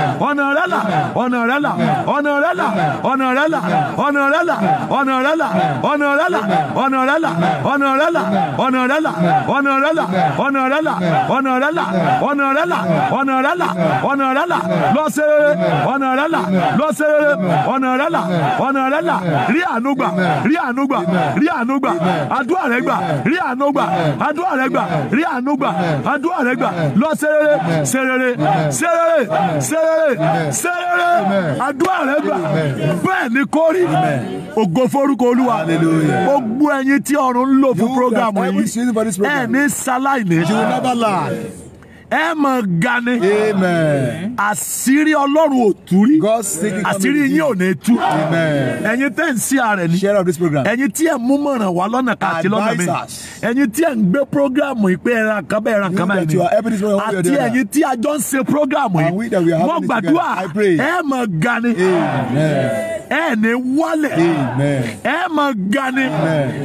ọ̀nà rẹ là ọ̀nà rẹ là ọ̀nà rẹ là ọ̀nà rẹ là ọ̀nà rẹ là ọ̀nà rẹ là ọ̀nà rẹ là ọ̀nà rẹ là ọ̀nà rẹ là ọ̀nà rẹ là ọ̀nà rẹ là ọ̀nà rẹ là ọ̀nà rẹ là ọ̀nà rẹ là ọ̀nà rẹ là ọ̀nà rẹ là lọ́sẹ̀rẹ̀ ọ̀nà rẹ là lọ́sẹ̀rẹ̀ ọ̀nà rẹ là ọ̀nà rẹ là rí ànúgbà rí ànúgbà rí ànúgbà àdúrà rẹ gbà rí ànúgbà àdúrà rẹ gbà rí ànúgbà àdúrà rẹ gbà lọ́sẹ̀rẹ̀ sẹ̀rẹ̀rẹ̀ sẹ̀rẹ̀rẹ̀ sẹ̀rẹ̀rẹ̀ sẹ́rẹ̀ sẹ́rẹ̀ àdúrà rẹ gbà bẹ́ẹ̀ ni kò rí ògo forúkọ olúwa gbogbo ẹ̀yin tí ọ̀run ń lò fún programu yìí ẹ̀ ní sáláì ẹ mọ̀ ga ni àṣírí ọlọ́run ò tú rí àṣírí yín ò ní tú ẹ̀yin tẹ́ ń sí ààrẹ ni ẹ̀yin tí ẹ̀ mú mọ̀ràn wá lọ́nà káàkiri lọ́nà mi ẹ̀yin tí ẹ̀ ń gbé programu yìí pé ẹran kan bẹ́ẹ̀ ẹran kan báyìí ni àti ẹ̀yin tí a jọ ń ṣe programu yìí mo gbàdúrà ẹ mọ̀ ga ni ẹ ní wálẹ̀ ẹ mọ̀ gani, ni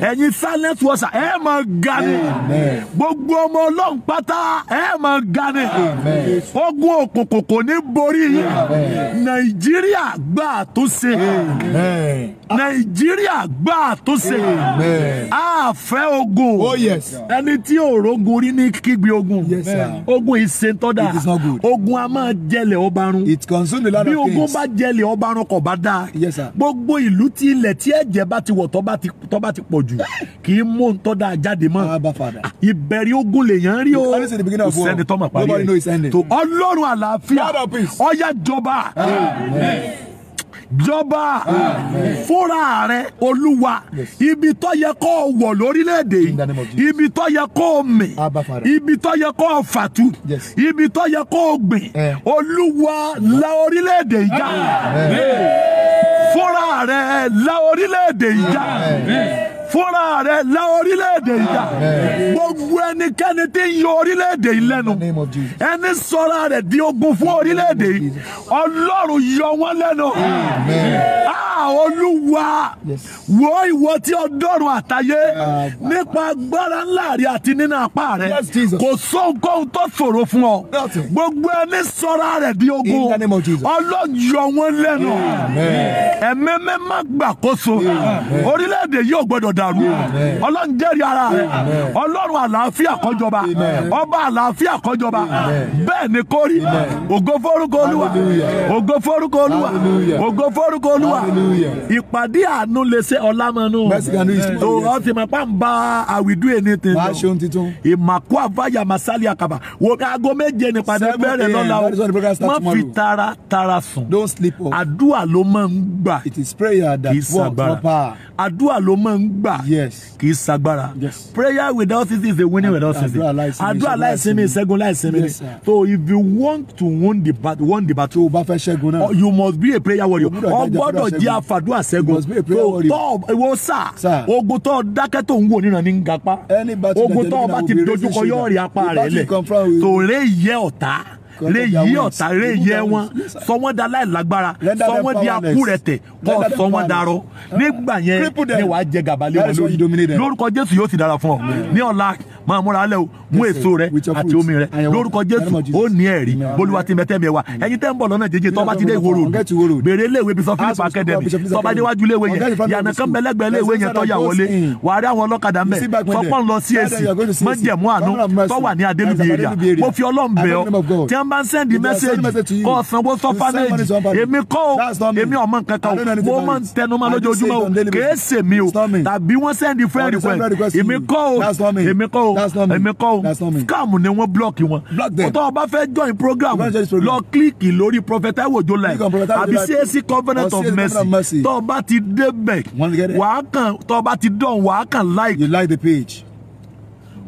ẹ̀yin silent water ẹ mọ̀ gani, ni gbogbo ọmọ ọlọ́run pátá ẹ mọ̀ ga dání ogun òkùnkùn kò ní borí yín nàìjíríà gbà àtúnṣe nàìjíríà gbà àtúnṣe àfẹ́ ogun oh, ẹni tí òrogun rí ní kígbe ogun ogun ìsentọ́dà ogun a máa jẹlẹ̀ ọbarun bí ogun bá jẹlẹ̀ ọbarun kò bá dáa gbogbo ìlú tí ilẹ̀ tí ẹ̀jẹ̀ bá ti wọ̀ tọ́ bá ti pọ̀ jù kì í mú ntọ́dà jáde mọ́ ìbẹ̀rẹ̀ ogun lèèyàn rí o kò sẹ́ni tọ́mọ kàn parí ẹ̀ tó ọlọ́run àlàáfíà ọ̀yá jọba jọba fúnra rẹ olúwa ibi tó yẹ kó o wọ̀ lórílẹ̀‐èdè yìí ibi tó yẹ kó o mì ibi tó yẹ kó o fàtú ibi tó yẹ kó o gbìn eh. olúwa la orílẹ̀‐èdè yìí já fúnra rẹ la orílẹ̀‐èdè yìí já fúnra rẹ la orílẹ̀-èdè yìí dá gbogbo ẹnikẹ́ni tí ń yọ orílẹ̀-èdè yìí lẹ́nu ẹni sọra rẹ di ogun fún orílẹ̀-èdè yìí ọlọ́run yọ wọ́n lẹ́nu ah, olúwa wo ìwọ tí ọdọ́run àtayé nípa agbára ńlá rẹ àti nínú apá rẹ kò sóhunkóhun tó ṣòro fún ọ gbogbo ẹni sọra rẹ di ogun ọlọ́yọ wọn lẹ́nu ẹ̀mẹ́mẹ́ má gbàkóso orílẹ̀-èdè yìí ò gbọ́dọ̀ dá dàrú ọlọ́run jẹ́rìí ara rẹ̀ ọlọ́run àlàáfíà kọjọba ọba àlàáfíà kọjọba bẹ́ẹ̀ ni kó rí ògo forúkọ olúwa ògo forúkọ olúwa ògo forúkọ olúwa ìpàdé àánú lè ṣe ọlámọnú tó ọtí máa pa ń bá àwìdú ẹni tẹ̀lé ìmàkú àfáyà masali àkàbà wò aago méje ní padà bẹ̀rẹ̀ lọ́la o má fi tara tara sùn àdúrà ló máa ń gbà kì í sàgbára àdúrà ló máa ń gbà gbà kì í sagbára prayer without ceasing is a winning without ceasing àdúrà láìsinmi ìṣẹ́gun láìsinmi ni so if you want to win the bat, win the battle o bá fẹ́ ṣẹ́gun náà oh, you must be a prayer warrior o gbọ́dọ̀ jẹ́ àfàdúrà ṣẹ́gun so tọ́ ìwọ sà ogun tó dákẹ́ tó ń wò níran ní gapá ogun tó bá ti dojúkọ yọ̀ọ̀rì apá rẹ̀ lẹ̀ tòrè yẹ ọ̀tá lè yí ọ̀tá lè yẹ wọn sọ wọn da láìlágbára sọ wọn di akúrẹ̀tẹ̀ kọ́ sọ wọn darọ nígbà yẹn ni wàá jẹ gàbálẹ̀ wọn lórúkọ Jésù yóò sì dára fún ọ ní ọ̀la máa múra lẹ o mú èso rẹ àti omi rẹ lórúkọ jésù ó ní ẹ̀rí bolúwa ti mẹtẹ mi ẹ wa ẹ̀yin tẹ́ ń bọ̀ lọ́nà jẹjẹ tọ́ba ti dé ìwòrò òdù béèrè léèwé bísọ philip academy tọ́ba déwájú léèwé yẹn yànnà kan bẹ́lẹ́gbẹ́ léèwé yẹn tọ́yà wọlé wà á rí àwọn ọlọ́kadà mẹ́ fọpọ́n lọ sí èsì mọ́jẹ̀mú àánú tọ́wà ní adélubi èrìà mo fi ọlọ́run bẹ̀ ọ́ tí wọ́n bá ń sẹ́ndì mẹ́sẹ̀gì kọ́ sanwó sọ́fánẹ́jì èmi kọ́ o èmi ọmọ kankan o mo máa ń tẹnumọ́ lójoojúmọ́ o kèé sèmi o tàbí wọ́n sẹ́ndì friend request èmi kọ́ o èmi kọ́ o That's not me. That's not me. scam ni wọ́n block wọn ọ̀tọ́ ọba fẹ́ join program lọ kílíkì lórí Prophet Taiwo Ojo Live àbí CAC covenant of mercy tọ́ ọba ti débẹ̀ wàá kàn tọ́ ọba ti dán wàá kàn like. you like the page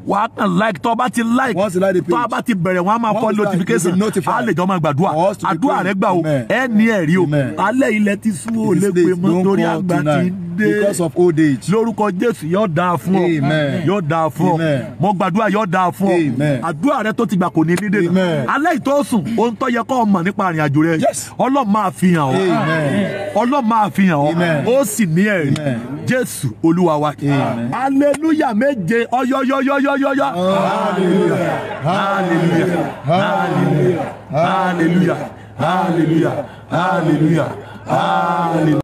wàá kàn like tọ́ bá ti like tọ́ bá ti bẹ̀rẹ̀ wọ́n á máa kọ́ notification á lè jọ máa gbàdúrà àdúrà rẹ gbà o ẹ ní ẹ̀rí o alẹ́ ilẹ̀ ti sún ó lè pe mọ́ torí àgbà ti dé lórúkọ Jésù yóò dáa fún ọ yóò dáa fún ọ mo gbàdúrà yóò dáa fún ọ àdúrà rẹ tó ti gbà kò ní ní dènà alẹ́ ìtọ́ sùn ohun tó yẹ kọ́ ọ mọ̀ nípa àrìn àjò rẹ Ọlọ́run máa fi hàn ọ́ Ọlọ́run máa fi hàn ọ́ ó sì ní ẹ̀rí Jésù Olúwa wa hallelujah méje ọyọyọyọyọ yo Hallelujah. Hallelujah. Hallelujah. Hallelujah. Hallelujah. Hallelujah. Hallelujah.